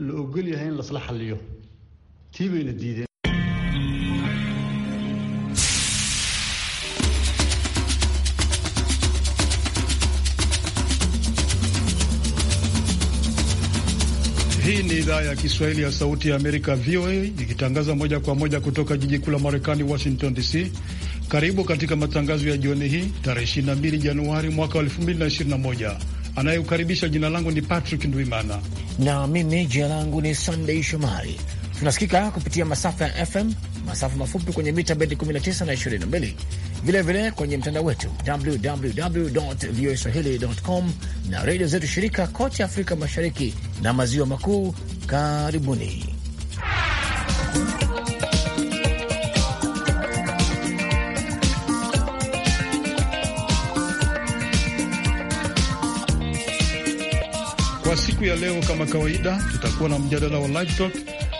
la ogol yahay in lasla xaliyo tii bayna diideen. Hii ni idhaa ya Kiswahili ya Sauti ya Amerika, VOA, ikitangaza moja kwa moja kutoka jiji kuu la Marekani, Washington DC. Karibu katika matangazo ya jioni hii tarehe 22 Januari mwaka 2021. Anayeukaribisha jina langu ni Patrick Ndwimana na mimi jina langu ni Sunday Shomari. Tunasikika kupitia masafa ya FM, masafa mafupi kwenye mita bendi 19 na 22, vilevile kwenye mtandao wetu www voa swahili com na redio zetu shirika kote Afrika Mashariki na Maziwa Makuu. Karibuni. Kwa siku ya leo, kama kawaida, tutakuwa na mjadala wa live talk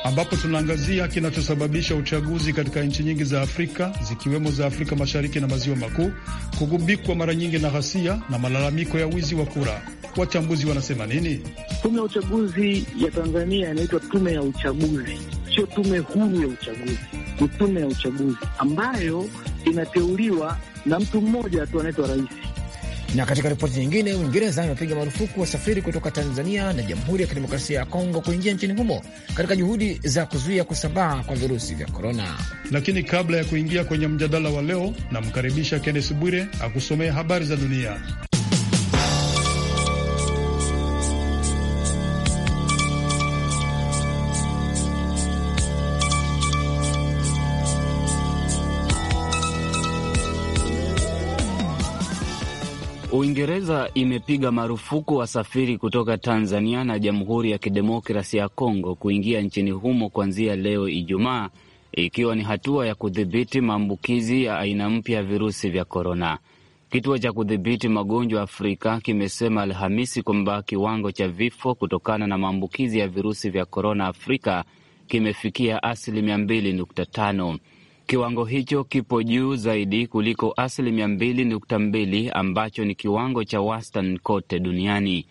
ambapo tunaangazia kinachosababisha uchaguzi katika nchi nyingi za Afrika zikiwemo za Afrika Mashariki na Maziwa Makuu kugubikwa mara nyingi na ghasia na malalamiko ya wizi wa kura. Wachambuzi wanasema nini? Tume ya uchaguzi ya Tanzania inaitwa tume ya uchaguzi, sio tume huru ya uchaguzi. Ni tume ya uchaguzi ambayo inateuliwa na mtu mmoja tu anaitwa rais. Na katika ripoti nyingine, Uingereza imepiga marufuku wasafiri kutoka Tanzania na Jamhuri ya Kidemokrasia ya Kongo kuingia nchini humo katika juhudi za kuzuia kusambaa kwa virusi vya korona. Lakini kabla ya kuingia kwenye mjadala wa leo, namkaribisha Kennes Bwire akusomea habari za dunia. Uingereza imepiga marufuku wasafiri kutoka Tanzania na Jamhuri ya Kidemokrasi ya Kongo kuingia nchini humo kuanzia leo Ijumaa, ikiwa ni hatua ya kudhibiti maambukizi ya aina mpya ya virusi vya korona. Kituo cha kudhibiti magonjwa Afrika kimesema Alhamisi kwamba kiwango cha vifo kutokana na maambukizi ya virusi vya korona Afrika kimefikia asilimia mbili nukta tano. Kiwango hicho kipo juu zaidi kuliko asilimia mbili nukta mbili ambacho ni kiwango cha wastani kote duniani.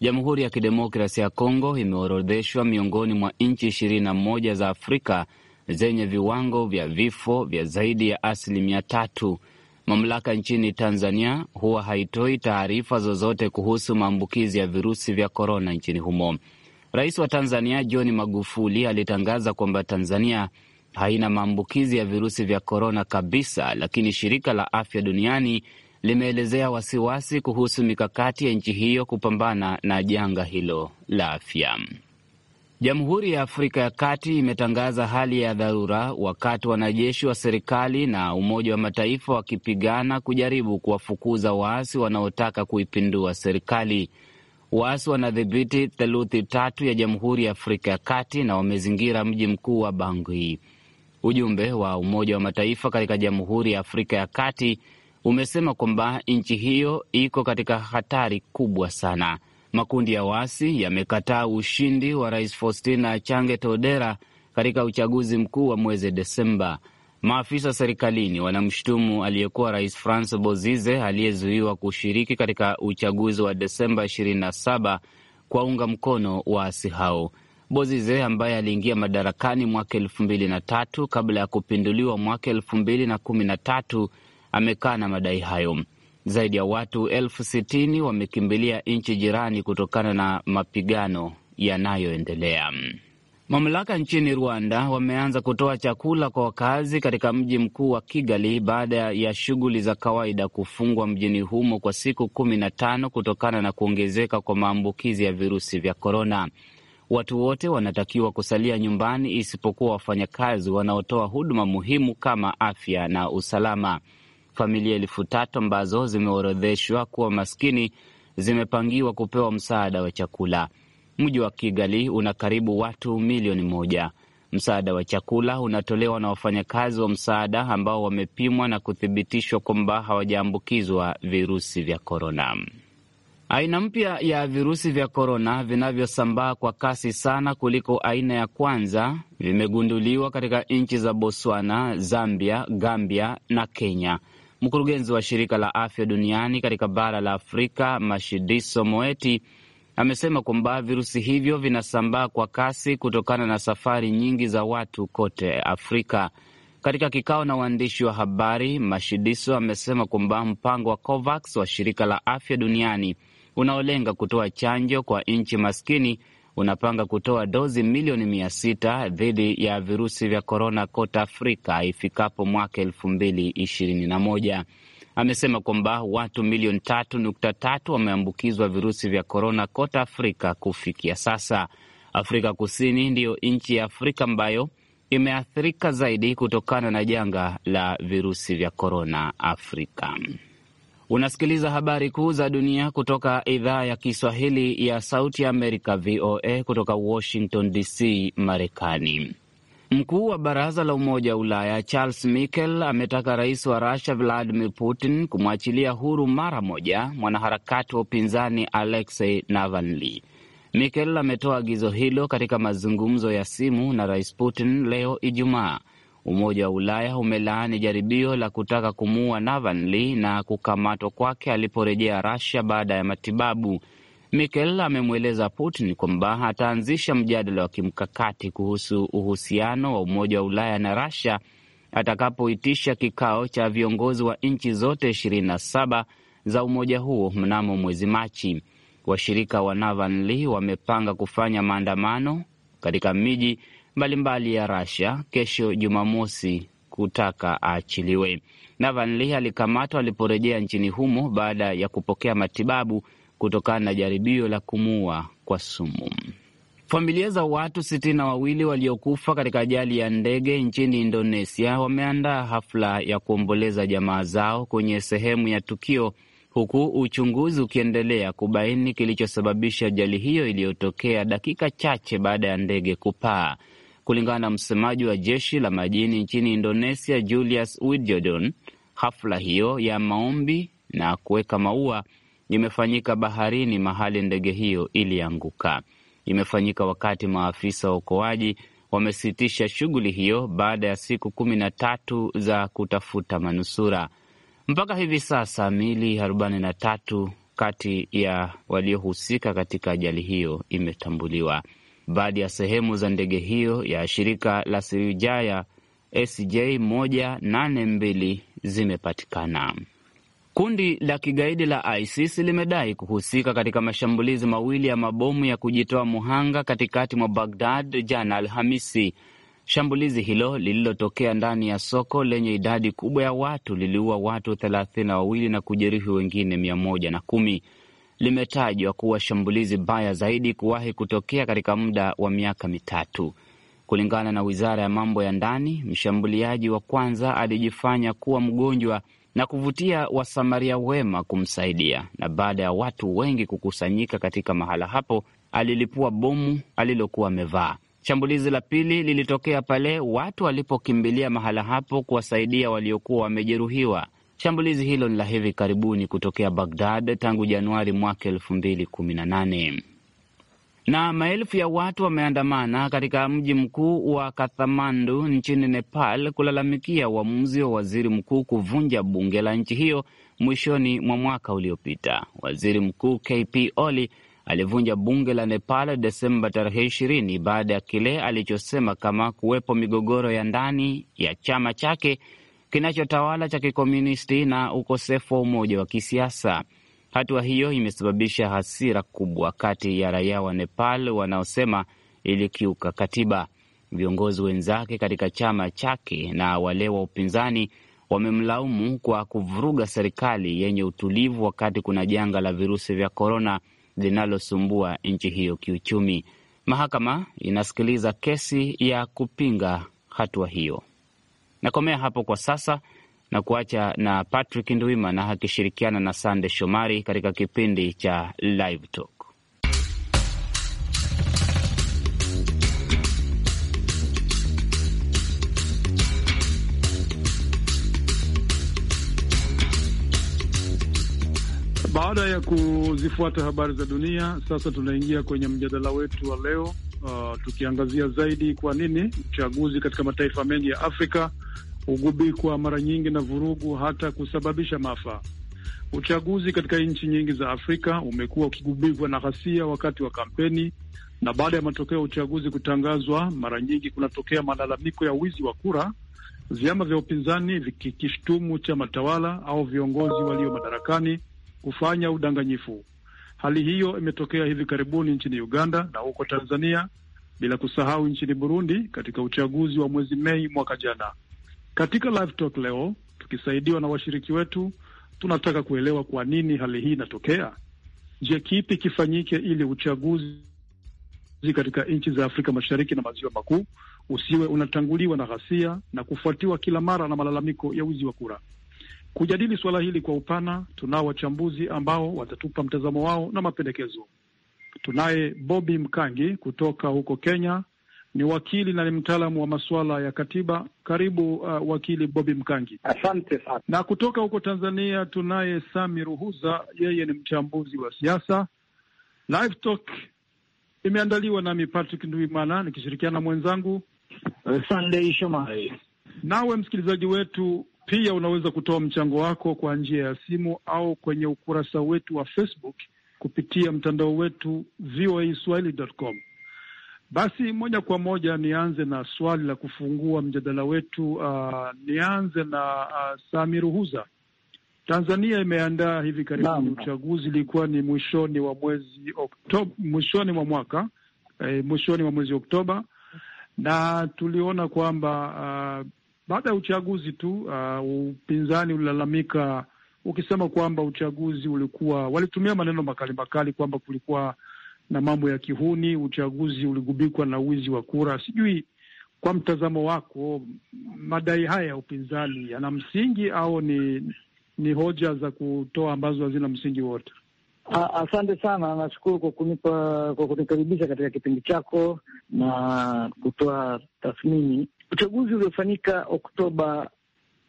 Jamhuri ya Kidemokrasi ya Kongo imeorodheshwa miongoni mwa nchi ishirini na moja za Afrika zenye viwango vya vifo vya zaidi ya asilimia tatu. Mamlaka nchini Tanzania huwa haitoi taarifa zozote kuhusu maambukizi ya virusi vya korona nchini humo. Rais wa Tanzania John Magufuli alitangaza kwamba Tanzania haina maambukizi ya virusi vya korona kabisa, lakini shirika la afya duniani limeelezea wasiwasi kuhusu mikakati ya nchi hiyo kupambana na janga hilo la afya. Jamhuri ya Afrika ya Kati imetangaza hali ya dharura wakati wanajeshi wa serikali na Umoja wa Mataifa wakipigana kujaribu kuwafukuza waasi wanaotaka kuipindua serikali. Waasi wanadhibiti theluthi tatu ya Jamhuri ya Afrika ya Kati na wamezingira mji mkuu wa Bangui. Ujumbe wa Umoja wa Mataifa katika Jamhuri ya Afrika ya Kati umesema kwamba nchi hiyo iko katika hatari kubwa sana. Makundi ya waasi yamekataa ushindi wa Rais Faustin Achange Todera katika uchaguzi mkuu wa mwezi Desemba. Maafisa serikalini wanamshutumu aliyekuwa rais Francois Bozize aliyezuiwa kushiriki katika uchaguzi wa Desemba 27 kwa unga mkono waasi hao. Bozize ambaye aliingia madarakani mwaka elfu mbili na tatu kabla ya kupinduliwa mwaka elfu mbili na kumi na tatu na madai hayo. Zaidi ya watu elfu sitini wamekimbilia nchi jirani kutokana na mapigano yanayoendelea. Mamlaka nchini Rwanda wameanza kutoa chakula kwa wakazi katika mji mkuu wa Kigali baada ya shughuli za kawaida kufungwa mjini humo kwa siku kumi na tano kutokana na kuongezeka kwa maambukizi ya virusi vya korona. Watu wote wanatakiwa kusalia nyumbani isipokuwa wafanyakazi wanaotoa huduma muhimu kama afya na usalama. Familia elfu tatu ambazo zimeorodheshwa kuwa maskini zimepangiwa kupewa msaada wa chakula. Mji wa Kigali una karibu watu milioni moja. Msaada wa chakula unatolewa na wafanyakazi wa msaada ambao wamepimwa na kuthibitishwa kwamba hawajaambukizwa virusi vya korona. Aina mpya ya virusi vya korona vinavyosambaa kwa kasi sana kuliko aina ya kwanza vimegunduliwa katika nchi za Botswana, Zambia, Gambia na Kenya. Mkurugenzi wa shirika la afya duniani katika bara la Afrika, Mashidiso Moeti, amesema kwamba virusi hivyo vinasambaa kwa kasi kutokana na safari nyingi za watu kote Afrika. Katika kikao na waandishi wa habari, Mashidiso amesema kwamba mpango wa COVAX wa shirika la afya duniani unaolenga kutoa chanjo kwa nchi maskini unapanga kutoa dozi milioni mia sita dhidi ya virusi vya korona kote Afrika ifikapo mwaka elfu mbili ishirini na moja. Amesema kwamba watu milioni tatu nukta tatu wameambukizwa virusi vya korona kote Afrika kufikia sasa. Afrika Kusini ndiyo nchi ya Afrika ambayo imeathirika zaidi kutokana na janga la virusi vya korona Afrika. Unasikiliza habari kuu za dunia kutoka idhaa ya Kiswahili ya Sauti ya Amerika, VOA, kutoka Washington DC, Marekani. Mkuu wa baraza la Umoja wa Ulaya Charles Michel ametaka rais wa Rusia Vladimir Putin kumwachilia huru mara moja mwanaharakati wa upinzani Alexei Navalny. Michel ametoa agizo hilo katika mazungumzo ya simu na rais Putin leo Ijumaa. Umoja wa Ulaya umelaani jaribio la kutaka kumuua Navalny na kukamatwa kwake aliporejea Rasia baada ya matibabu. Mikel amemweleza Putin kwamba ataanzisha mjadala wa kimkakati kuhusu uhusiano wa Umoja wa Ulaya na rasia atakapoitisha kikao cha viongozi wa nchi zote 27 za umoja huo mnamo mwezi Machi. Washirika wa Navalny wamepanga kufanya maandamano katika miji mbalimbali ya rasia kesho Jumamosi kutaka aachiliwe. Navalny alikamatwa aliporejea nchini humo baada ya kupokea matibabu kutokana na jaribio la kumuua kwa sumu. Familia za watu sitini na wawili waliokufa katika ajali ya ndege nchini Indonesia wameandaa hafla ya kuomboleza jamaa zao kwenye sehemu ya tukio, huku uchunguzi ukiendelea kubaini kilichosababisha ajali hiyo iliyotokea dakika chache baada ya ndege kupaa kulingana na msemaji wa jeshi la majini nchini Indonesia, Julius Widjodon, Hafla hiyo ya maombi na kuweka maua imefanyika baharini mahali ndege hiyo ilianguka. Imefanyika wakati maafisa wa uokoaji wamesitisha shughuli hiyo baada ya siku kumi na tatu za kutafuta manusura. Mpaka hivi sasa miili arobaini na tatu kati ya waliohusika katika ajali hiyo imetambuliwa. Baadhi ya sehemu za ndege hiyo ya shirika la Sirijaya SJ 182 zimepatikana. Kundi la kigaidi la ISIS limedai kuhusika katika mashambulizi mawili ya mabomu ya kujitoa muhanga katikati mwa Bagdad jana Alhamisi. Shambulizi hilo lililotokea ndani ya soko lenye idadi kubwa ya watu liliua watu thelathini na wawili na kujeruhi wengine mia moja na kumi limetajwa kuwa shambulizi baya zaidi kuwahi kutokea katika muda wa miaka mitatu. Kulingana na wizara ya mambo ya ndani, mshambuliaji wa kwanza alijifanya kuwa mgonjwa na kuvutia wasamaria wema kumsaidia, na baada ya watu wengi kukusanyika katika mahala hapo, alilipua bomu alilokuwa amevaa. Shambulizi la pili lilitokea pale watu walipokimbilia mahala hapo kuwasaidia waliokuwa wamejeruhiwa. Shambulizi hilo ni la hivi karibuni kutokea Bagdad tangu Januari mwaka elfu mbili kumi na nane. Na maelfu ya watu wameandamana katika mji mkuu wa Kathmandu nchini Nepal kulalamikia uamuzi wa waziri mkuu kuvunja bunge la nchi hiyo mwishoni mwa mwaka uliopita. Waziri Mkuu KP Oli alivunja bunge la Nepal Desemba tarehe ishirini baada ya kile alichosema kama kuwepo migogoro ya ndani ya chama chake kinachotawala cha kikomunisti na ukosefu wa umoja wa kisiasa. Hatua hiyo imesababisha hasira kubwa kati ya raia wa Nepal wanaosema ilikiuka katiba. Viongozi wenzake katika chama chake na wale wa upinzani wamemlaumu kwa kuvuruga serikali yenye utulivu wakati kuna janga la virusi vya korona linalosumbua nchi hiyo kiuchumi. Mahakama inasikiliza kesi ya kupinga hatua hiyo. Nakomea hapo kwa sasa na kuacha na Patrick Ndwimana akishirikiana na Sande Shomari katika kipindi cha Live Talk. Baada ya kuzifuata habari za dunia, sasa tunaingia kwenye mjadala wetu wa leo, uh, tukiangazia zaidi kwa nini uchaguzi katika mataifa mengi ya Afrika hugubikwa mara nyingi na vurugu hata kusababisha maafa. Uchaguzi katika nchi nyingi za Afrika umekuwa ukigubikwa na ghasia wakati wa kampeni, na baada ya matokeo ya uchaguzi kutangazwa, mara nyingi kunatokea malalamiko ya wizi wa kura, vyama vya upinzani vikikishtumu chama tawala au viongozi walio madarakani kufanya udanganyifu. Hali hiyo imetokea hivi karibuni nchini Uganda na huko Tanzania, bila kusahau nchini Burundi katika uchaguzi wa mwezi Mei mwaka jana. Katika live talk leo, tukisaidiwa na washiriki wetu, tunataka kuelewa kwa nini hali hii inatokea. Je, kipi kifanyike ili uchaguzi katika nchi za Afrika Mashariki na Maziwa Makuu usiwe unatanguliwa na ghasia na kufuatiwa kila mara na malalamiko ya wizi wa kura? Kujadili suala hili kwa upana, tunao wachambuzi ambao watatupa mtazamo wao na mapendekezo. Tunaye Bobi Mkangi kutoka huko Kenya, ni wakili na ni mtaalamu wa masuala ya katiba. Karibu uh, wakili Bobi Mkangi. Asante sana. Na kutoka huko Tanzania tunaye Sami Ruhuza, yeye ni mchambuzi wa siasa. Live Talk imeandaliwa nami Patrick Nduimana nikishirikiana mwenzangu Sunday Shomari. Nawe msikilizaji wetu pia unaweza kutoa mchango wako kwa njia ya simu au kwenye ukurasa wetu wa Facebook kupitia mtandao wetu voaswahili.com. Basi moja kwa moja nianze na swali la kufungua mjadala wetu. Uh, nianze na uh, Sami Ruhuza. Tanzania imeandaa hivi karibuni uchaguzi, ilikuwa ni mwishoni wa mwezi Oktoba, mwishoni mwa mwaka eh, mwishoni mwa mwezi Oktoba, na tuliona kwamba uh, baada ya uchaguzi tu uh, upinzani ulilalamika ukisema kwamba uchaguzi ulikuwa, walitumia maneno makali makali kwamba kulikuwa na mambo ya kihuni. Uchaguzi uligubikwa na wizi wa kura. Sijui kwa mtazamo wako, madai haya ya upinzani yana msingi au ni ni hoja za kutoa ambazo hazina msingi wote? Asante sana, nashukuru kwa kunipa kwa kunikaribisha katika kipindi chako na kutoa tathmini. Uchaguzi uliofanyika Oktoba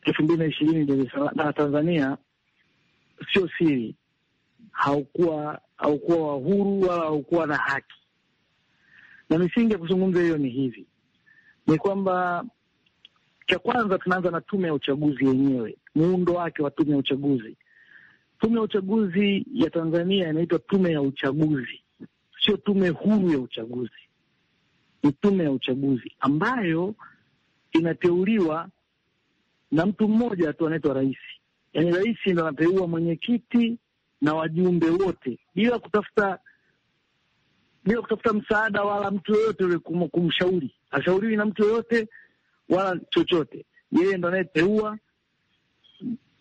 elfu mbili na ishirini na Tanzania, sio siri, haukuwa haukuwa wa huru wala haukuwa na haki. Na misingi ya kuzungumza hiyo ni hivi, ni kwamba cha kwanza tunaanza na tume ya uchaguzi yenyewe, muundo wake wa tume ya uchaguzi. Tume ya uchaguzi ya Tanzania inaitwa tume ya uchaguzi, sio tume huru ya uchaguzi. Ni tume ya uchaguzi ambayo inateuliwa na mtu mmoja tu anaitwa rais, yaani rais ndo anateua mwenyekiti na wajumbe wote bila kutafuta bila kutafuta msaada wala mtu yoyote ule kumshauri, ashauriwi na mtu yoyote wala chochote. Yeye ndo anayeteua,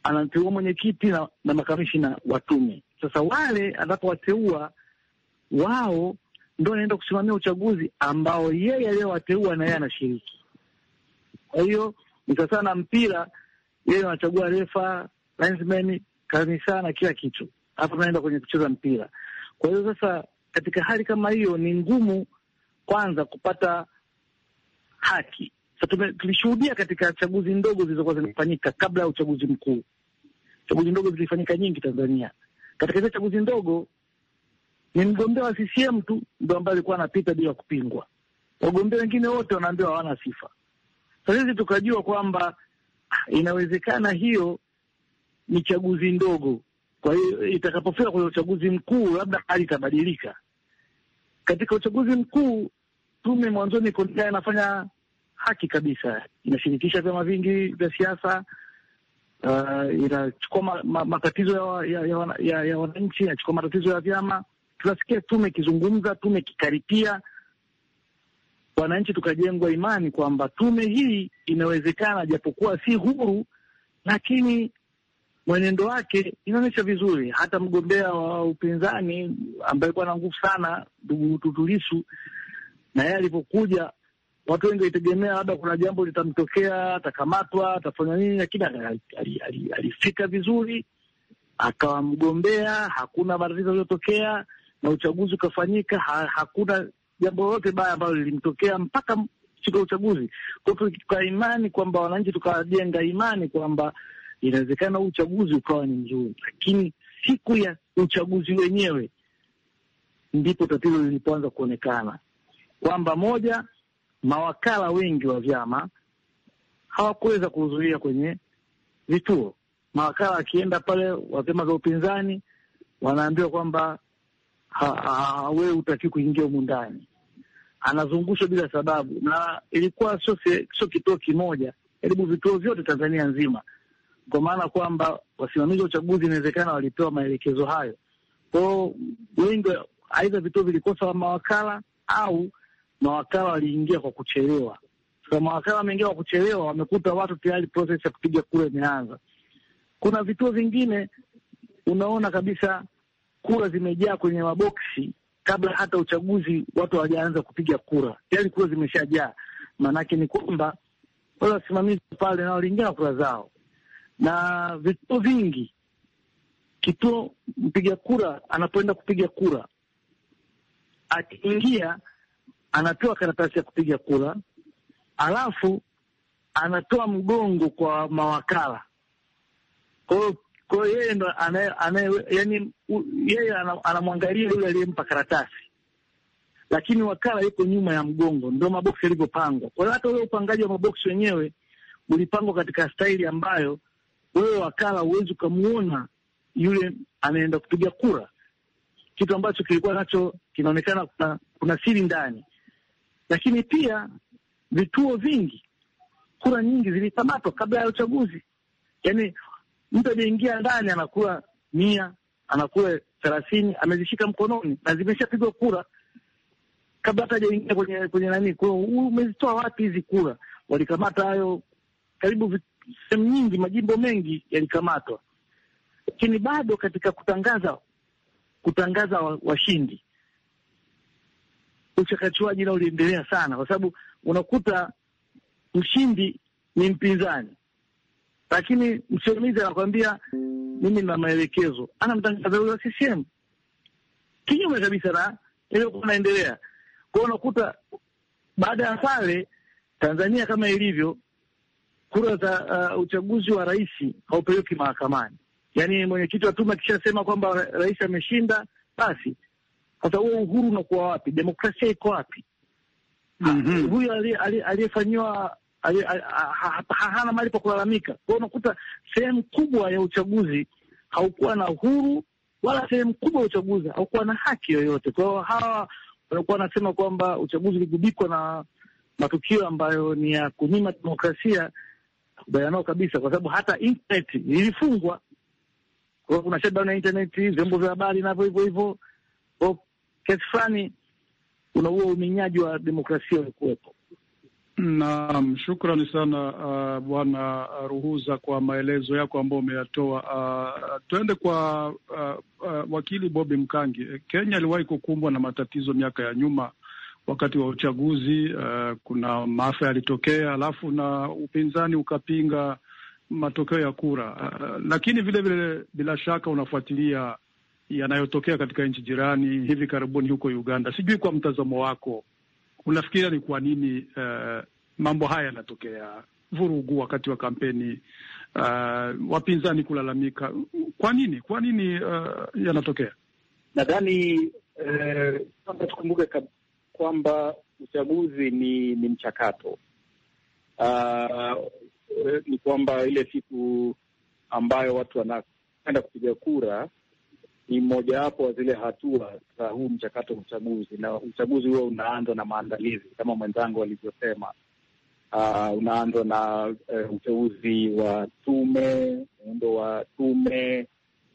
anateua mwenyekiti na, na makamishina wa tume. Sasa wale anapowateua wao ndo anaenda kusimamia uchaguzi ambao yeye aliyowateua na yeye anashiriki. Kwa hiyo ni sasa na mpira, yeye anachagua refa, linesman, kanisa na kila kitu alafu tunaenda kwenye kucheza mpira. Kwa hiyo sasa, katika hali kama hiyo, ni ngumu kwanza kupata haki. Sasa tulishuhudia katika chaguzi ndogo zilizokuwa zinafanyika kabla ya uchaguzi mkuu, chaguzi ndogo zilifanyika nyingi Tanzania. Katika hizo chaguzi ndogo ni mgombea wa CCM tu ndo ambaye alikuwa anapita bila kupingwa, wagombea wengine wote wanaambiwa hawana sifa. Sasa hizi tukajua kwamba ah, inawezekana hiyo ni chaguzi ndogo, kwa hiyo itakapofika kwenye uchaguzi mkuu, labda hali itabadilika. Katika uchaguzi mkuu, tume mwanzoni kondia inafanya haki kabisa, inashirikisha vyama vingi vya siasa uh, inachukua ma, ma, matatizo ya, ya, ya, ya, ya wananchi, inachukua matatizo ya vyama. Tunasikia tume ikizungumza, tume ikikaripia, wananchi tukajengwa imani kwamba tume hii inawezekana, japokuwa si huru, lakini mwenendo wake inaonyesha vizuri. Hata mgombea wa upinzani ambaye alikuwa na nguvu sana, ndugu Tundu Lissu, na yeye alivyokuja, watu wengi walitegemea labda kuna jambo litamtokea, atakamatwa, atafanya nini, lakini alifika vizuri, akawa mgombea. Hakuna matatizo aliyotokea, na uchaguzi ukafanyika. Ha, hakuna jambo lolote baya ambalo lilimtokea mpaka siku ya uchaguzi. Kwa hiyo imani kwamba wananchi tukajenga imani kwamba inawezekana huu uchaguzi ukawa ni mzuri, lakini siku ya uchaguzi wenyewe ndipo tatizo lilipoanza kuonekana kwamba moja, mawakala wengi wa vyama hawakuweza kuhudhuria kwenye vituo. Mawakala akienda pale wa vyama vya upinzani wanaambiwa kwamba wewe hutaki kuingia humu ndani, anazungushwa bila sababu, na ilikuwa sio sio kituo kimoja, karibu vituo vyote Tanzania nzima kwa maana kwamba wasimamizi wa uchaguzi inawezekana walipewa maelekezo hayo. Kwao wengi, aidha vituo vilikosa mawakala au mawakala waliingia kwa kuchelewa. So, mawakala wameingia kwa kuchelewa, wamekuta watu tayari proses ya kupiga kura imeanza. Kuna vituo vingine unaona kabisa kura zimejaa kwenye maboksi kabla hata uchaguzi watu hawajaanza kupiga kura, tayari kura zimeshajaa. Maanake ni kwamba wale wasimamizi pale na waliingia na kura zao na vituo vingi. Kituo mpiga kura anapoenda kupiga kura, akiingia anapewa karatasi ya kupiga kura, alafu anatoa mgongo kwa mawakala. Kwa hiyo kwa hiyo yeye ndo yani, yeye anamwangalia yule aliyempa karatasi, lakini wakala yuko nyuma ya mgongo. Ndo maboksi yalivyopangwa. Kwa hiyo hata ule upangaji wa maboksi wenyewe ulipangwa katika staili ambayo wewe wakala huwezi ukamwona yule anaenda kupiga kura, kitu ambacho kilikuwa nacho kinaonekana kuna, kuna siri ndani. Lakini pia vituo vingi, kura nyingi zilikamatwa kabla ya uchaguzi. Yani mtu aliyeingia ndani anakuwa mia anakuwa thelathini amezishika mkononi na zimeshapigwa kura kabla hata hajaingia kwenye kwenye nani. Umezitoa wapi hizi kura? Walikamata hayo karibu sehemu nyingi, majimbo mengi yalikamatwa, lakini bado katika kutangaza kutangaza washindi wa uchakachuaji nao uliendelea sana, kwa sababu unakuta mshindi ni mpinzani, lakini msimamizi anakwambia mimi na maelekezo, anamtangaza huyo wa CCM kinyume kabisa na iliyokuwa naendelea kwao. unakuta baada ya pale Tanzania kama ilivyo kura za uh, uchaguzi wa rais haupeleki mahakamani. Yaani mwenyekiti wa tume akishasema kwamba rais ameshinda, basi sasa huo uhuru unakuwa wapi? Demokrasia iko wapi? mm -hmm. Huyu aliyefanyiwa hana mali pa kulalamika. Kwa hiyo unakuta sehemu kubwa ya uchaguzi haukuwa na uhuru wala sehemu kubwa ya uchaguzi haukuwa na haki yoyote. Kwa hiyo hawa walikuwa wanasema kwamba uchaguzi uligubikwa na matukio ambayo ni ya kunyima demokrasia kubaliana nao kabisa, kwa sababu hata internet ilifungwa. Kwa hiyo kuna shutdown ya internet, vyombo vya habari navyo hivyo hivyo. Kwa kesi fulani kuna huo uminyaji wa demokrasia ulikuwepo. Naam, shukrani sana uh, Bwana Ruhuza kwa maelezo yako ambayo umeyatoa. Uh, tuende kwa uh, uh, wakili Bobi Mkangi. Kenya iliwahi kukumbwa na matatizo miaka ya nyuma wakati wa uchaguzi uh, kuna maafa yalitokea, alafu na upinzani ukapinga matokeo ya kura uh, lakini vile vile bila shaka unafuatilia yanayotokea katika nchi jirani hivi karibuni huko Uganda. Sijui kwa mtazamo wako unafikiria ni kwa nini uh, mambo haya yanatokea, vurugu wakati wa kampeni uh, wapinzani kulalamika, kwa nini kwa nini uh, yanatokea? Nadhani uh, tukumbuke kwamba uchaguzi ni ni mchakato uh, ni kwamba ile siku ambayo watu wanaenda kupiga kura ni mmojawapo wa zile hatua za huu mchakato wa uchaguzi, na uchaguzi huo unaanza na maandalizi kama mwenzangu alivyosema. Uh, unaanza na uh, uteuzi wa tume, muundo wa tume,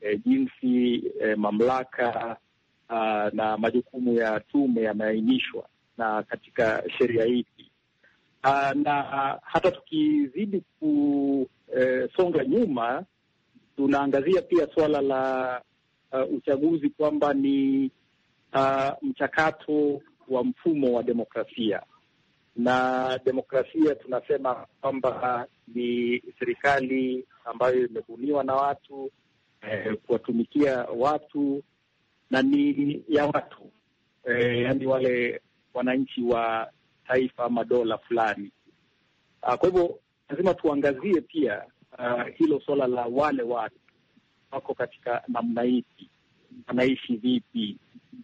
eh, jinsi eh, mamlaka uh, na majukumu ya tume yameainishwa na katika sheria hiki uh, na hata tukizidi kusonga eh, nyuma tunaangazia pia suala la uh, uchaguzi kwamba ni uh, mchakato wa mfumo wa demokrasia na demokrasia tunasema kwamba ni serikali ambayo imebuniwa na watu eh, kuwatumikia watu na ni ya watu e, yani wale wananchi wa taifa ama dola fulani. Kwa hivyo lazima tuangazie pia uh, hilo suala la wale watu wako katika namna ipi, wanaishi vipi,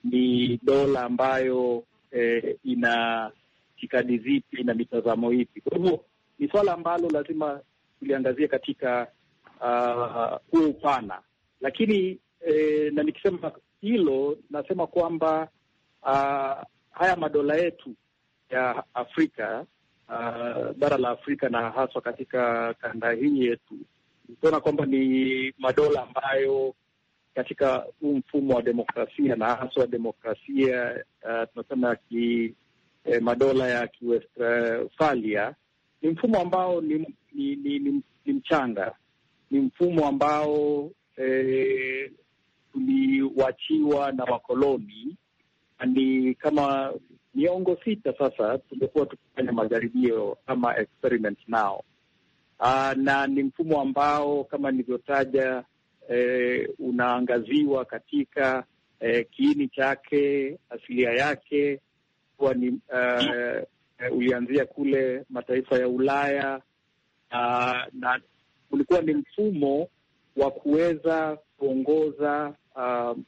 ni dola ambayo eh, ina itikadi zipi na mitazamo ipi. Kwa hivyo ni suala ambalo lazima tuliangazia katika huo uh, upana, lakini eh, na nikisema hilo nasema kwamba uh, haya madola yetu ya Afrika uh, bara la Afrika na haswa katika kanda hii yetu ikiona kwamba ni madola ambayo katika huu mfumo wa demokrasia na haswa demokrasia uh, tunasema ki eh, madola ya Kiwestfalia ni mfumo ambao ni, ni, ni, ni mchanga, ni mfumo ambao eh, tuliwachiwa na wakoloni, ni kama miongo sita sasa tumekuwa tukifanya majaribio ama experiment nao. Aa, ah, na ni mfumo ambao kama nilivyotaja, e, unaangaziwa katika e, kiini chake, asilia yake kuwa ni eh, eh, ulianzia kule mataifa ya Ulaya, aa, ah, na ulikuwa ni mfumo wa kuweza kuongoza um,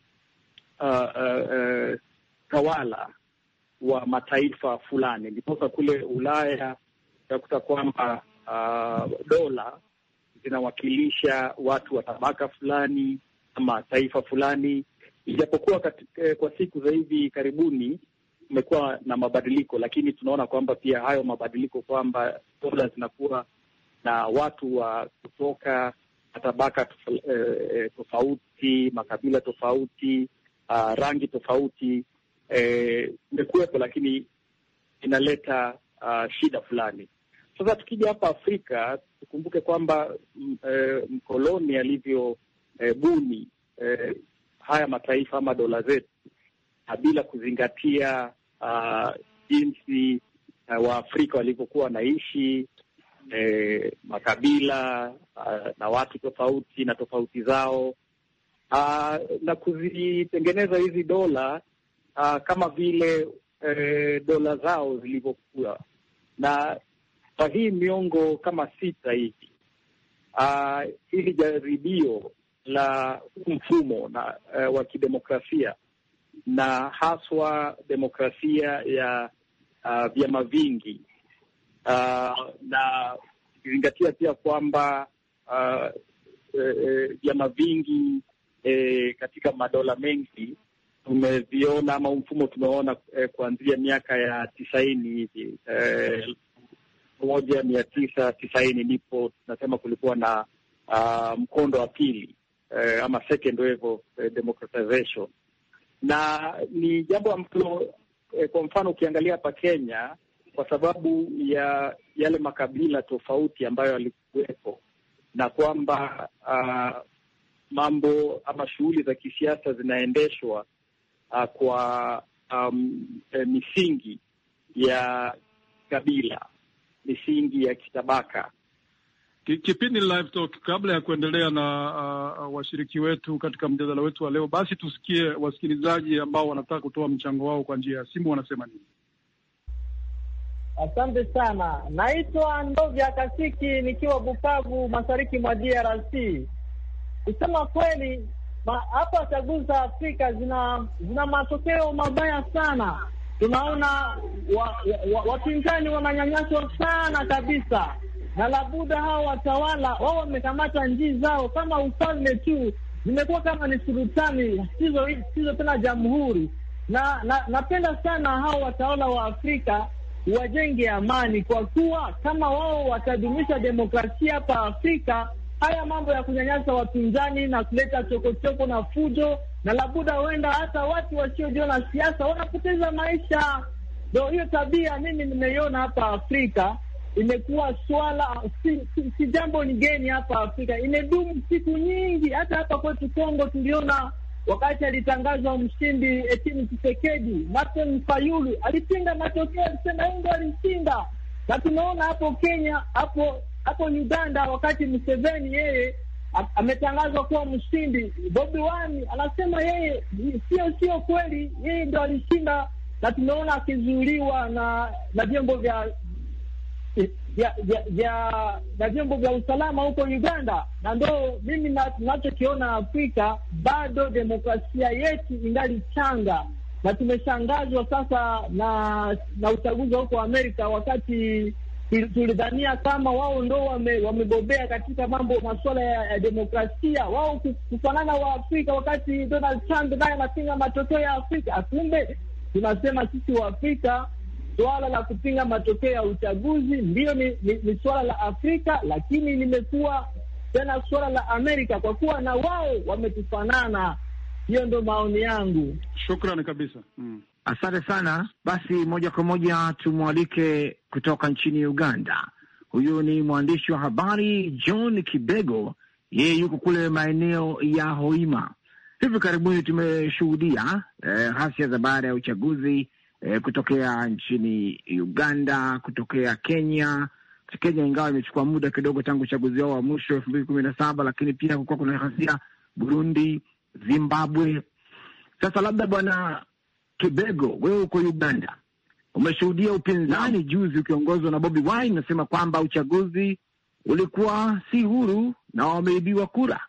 uh, uh, uh, tawala wa mataifa fulani, ndiposa kule Ulaya utakuta kwamba uh, dola zinawakilisha watu wa tabaka fulani ama taifa fulani, ijapokuwa katika, eh, kwa siku za hivi karibuni kumekuwa na mabadiliko, lakini tunaona kwamba pia hayo mabadiliko kwamba dola zinakuwa na watu wa kutoka matabaka eh, eh, tofauti, makabila tofauti, ah, rangi tofauti eh, imekuwepo lakini inaleta ah, shida fulani. Sasa tukija hapa Afrika tukumbuke kwamba mm, mkoloni alivyobuni buni haya mataifa ama dola zetu bila kuzingatia ah, jinsi Waafrika walivyokuwa wanaishi e, makabila a, ah, na watu tofauti na tofauti zao a, ah, na kuzitengeneza hizi dola a, ah, kama vile e, dola zao zilivyokuwa na kwa hii miongo kama sita hivi hili jaribio la mfumo na e, wa kidemokrasia na haswa demokrasia ya uh, vyama vingi uh, na ukizingatia pia kwamba uh, eh, eh, vyama uh, e, e, vingi e, katika madola mengi tumeviona ama mfumo tumeona e, kuanzia miaka ya tisaini hivi elfu moja mia tisa tisaini ndipo tunasema kulikuwa na uh, mkondo wa pili eh, ama second wave of democratization, na ni jambo ambalo eh, kwa mfano ukiangalia hapa Kenya kwa sababu ya yale makabila tofauti ambayo yalikuwepo na kwamba uh, mambo ama shughuli za kisiasa zinaendeshwa uh, kwa um, e, misingi ya kabila, misingi ya kitabaka. Kipindi Live Talk, kabla ya kuendelea na uh, washiriki wetu katika mjadala wetu wa leo, basi tusikie wasikilizaji ambao wanataka kutoa mchango wao kwa njia ya simu wanasema nini. Asante sana, naitwa Ndovya Kasiki nikiwa Bukavu, mashariki mwa DRC. Kusema kweli, hapa chaguzi za Afrika zina zina matokeo mabaya sana. Tunaona wapinzani wa, wa, wa wananyanyaswa sana kabisa, na labuda hao watawala wao wamekamata njii zao kama ufalme tu, zimekuwa kama ni sultani, sizo tena jamhuri. Na napenda na sana hao watawala wa Afrika wajenge amani, kwa kuwa kama wao watadumisha demokrasia hapa Afrika, haya mambo ya kunyanyasa wapinzani na kuleta chokochoko na fujo na labuda, huenda hata watu wasiojiona siasa wanapoteza maisha. Ndo hiyo tabia mimi nimeiona hapa Afrika, imekuwa swala si, si, si jambo ni geni hapa Afrika, imedumu siku nyingi. Hata hapa kwetu Kongo tuliona Wakati alitangazwa mshindi Etimu chisekedi Martin Fayulu alipinga matokeo, alisema yeye ndo alishinda, na tunaona hapo Kenya, hapo hapo Uganda, wakati Museveni yeye ametangazwa kuwa mshindi, Bobi Wine anasema yeye sio sio kweli, yeye ndo alishinda, na tumeona akizuiliwa na na vyombo vya vya na vyombo vya usalama huko Uganda, na ndo mimi tunachokiona Afrika, bado demokrasia yetu ingali changa, na tumeshangazwa sasa na na uchaguzi huko Amerika, wakati tulidhania kama wao ndo wamebobea katika mambo masuala ya demokrasia, wao kufanana wa Afrika, wakati Donald Trump naye anapinga matokeo ya Afrika, akumbe tunasema sisi wa Afrika Suala la kupinga matokeo ya uchaguzi ndiyo ni, ni, ni suala la Afrika, lakini limekuwa tena suala la Amerika kwa kuwa na wao wametufanana. Hiyo ndo maoni yangu, shukrani kabisa mm. Asante sana. Basi moja kwa moja tumwalike kutoka nchini Uganda. Huyu ni mwandishi wa habari John Kibego, yeye yuko kule maeneo ya Hoima. Hivi karibuni tumeshuhudia eh, ghasia za baada ya uchaguzi e, kutokea nchini Uganda, kutokea Kenya. Kenya ingawa imechukua muda kidogo tangu uchaguzi wao wa mwisho elfu mbili kumi na saba, lakini pia kukuwa kuna ghasia Burundi, Zimbabwe. Sasa labda Bwana Kibego, wewe uko Uganda, umeshuhudia upinzani juzi ukiongozwa na Bobi Wine nasema kwamba uchaguzi ulikuwa si huru na wameibiwa kura,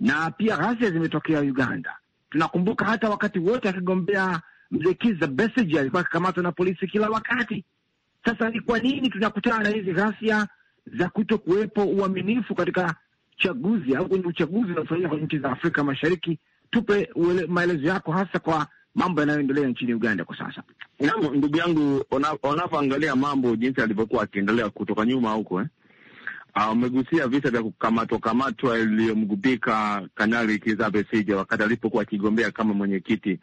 na pia ghasia zimetokea Uganda. Tunakumbuka hata wakati wote akigombea Mzee Kizza Besigye alikuwa akikamatwa na polisi kila wakati. Sasa ni kwa nini tunakutana na hizi ghasia za kuto kuwepo uaminifu katika chaguzi au kwenye uchaguzi unaofanyika kwenye nchi za Afrika Mashariki? Tupe maelezo yako hasa kwa mambo yanayoendelea nchini Uganda kwa sasa. Naam, ndugu yangu, unapoangalia mambo jinsi alivyokuwa akiendelea kutoka nyuma huko eh? Ah, umegusia visa vya kukamatwa kamatwa iliyomgubika Kanali Kizza Besigye wakati alipokuwa akigombea kama mwenyekiti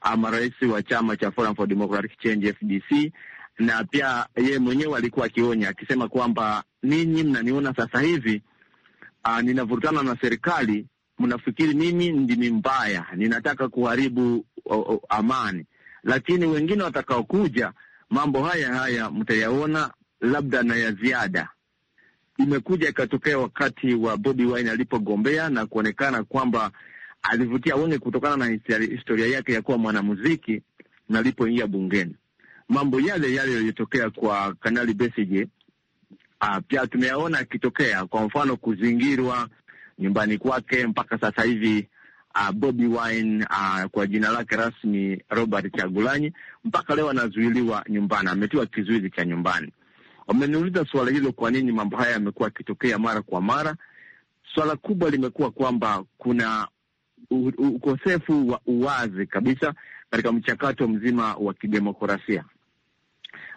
ama rais wa chama cha Forum for Democratic Change FDC, na pia yeye mwenyewe alikuwa akionya akisema kwamba ninyi mnaniona sasa hivi ah, ninavurutana na serikali, mnafikiri mimi ndimi mbaya, ninataka kuharibu o, o, amani, lakini wengine watakaokuja mambo haya haya mtayaona, labda na ya ziada. Imekuja ikatokea wakati wa Bobi Wine alipogombea na kuonekana kwamba alivutia wengi kutokana na historia yake ya kuwa mwanamuziki na alipoingia bungeni, mambo yale yale yaliyotokea kwa Kanali Besigye uh, pia tumeyaona akitokea, kwa mfano kuzingirwa nyumbani kwake mpaka sasa hivi uh, ah, Bobby Wine uh, kwa jina lake rasmi Robert Chagulanyi mpaka leo anazuiliwa nyumbani, ametiwa kizuizi cha nyumbani. Wameniuliza suala hilo, kwa nini mambo haya yamekuwa yakitokea mara kwa mara. Swala kubwa limekuwa kwamba kuna ukosefu wa uwazi kabisa katika mchakato mzima wa kidemokrasia.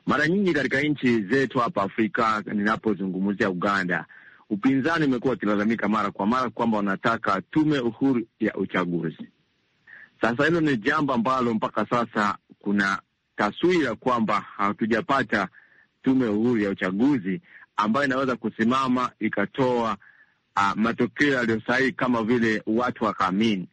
Mara nyingi katika nchi zetu hapa Afrika, ninapozungumzia Uganda, upinzani umekuwa ukilalamika mara kwa mara kwamba wanataka tume uhuru ya uchaguzi. Sasa hilo ni jambo ambalo mpaka sasa kuna taswira kwamba hatujapata tume uhuru ya uchaguzi ambayo inaweza kusimama ikatoa uh, ah, matokeo yaliyo sahihi kama vile watu wakaamini,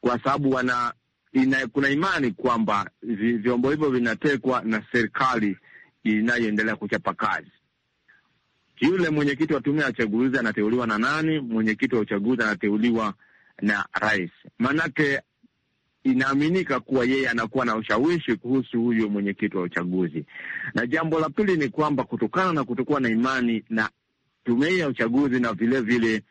kwa sababu wana ina, kuna imani kwamba vyombo hivyo vinatekwa na serikali inayoendelea kuchapa kazi. Yule mwenyekiti wa tume ya uchaguzi anateuliwa na nani? Mwenyekiti wa uchaguzi anateuliwa na rais, maanake inaaminika kuwa yeye anakuwa na ushawishi kuhusu huyo mwenyekiti wa uchaguzi. Na jambo la pili ni kwamba kutokana na kutokuwa na imani na tume ya uchaguzi na vilevile vile,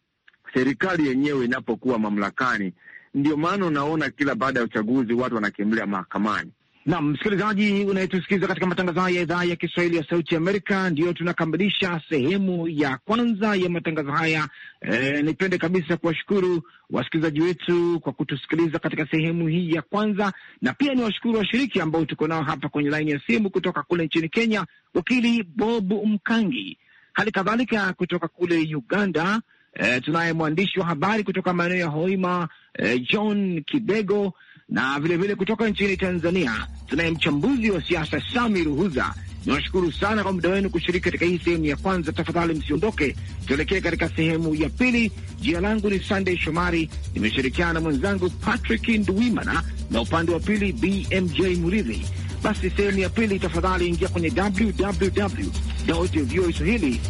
serikali yenyewe inapokuwa mamlakani. Ndio maana unaona kila baada ya uchaguzi watu wanakimbilia mahakamani. Nam msikilizaji, unayetusikiliza katika matangazo haya ya idhaa ya Kiswahili ya Sauti Amerika, ndiyo tunakamilisha sehemu ya kwanza ya matangazo haya. E, nipende kabisa kuwashukuru wasikilizaji wetu kwa kutusikiliza katika sehemu hii ya kwanza, na pia ni washukuru washiriki ambao tuko nao hapa kwenye laini ya simu kutoka kule nchini Kenya, wakili Bob Mkangi Hali kadhalika kutoka kule Uganda e, tunaye mwandishi wa habari kutoka maeneo ya Hoima e, John Kibego, na vilevile vile kutoka nchini Tanzania tunaye mchambuzi wa siasa Sami Ruhuza. Niwashukuru sana kwa muda wenu kushiriki katika hii sehemu ya kwanza. Tafadhali msiondoke, tuelekee katika sehemu ya pili. Jina langu ni sandey Shomari, nimeshirikiana na mwenzangu Patrick Ndwimana na upande wa pili BMJ Muridhi. Basi sehemu ya pili, tafadhali ingia kwenye www voaswahili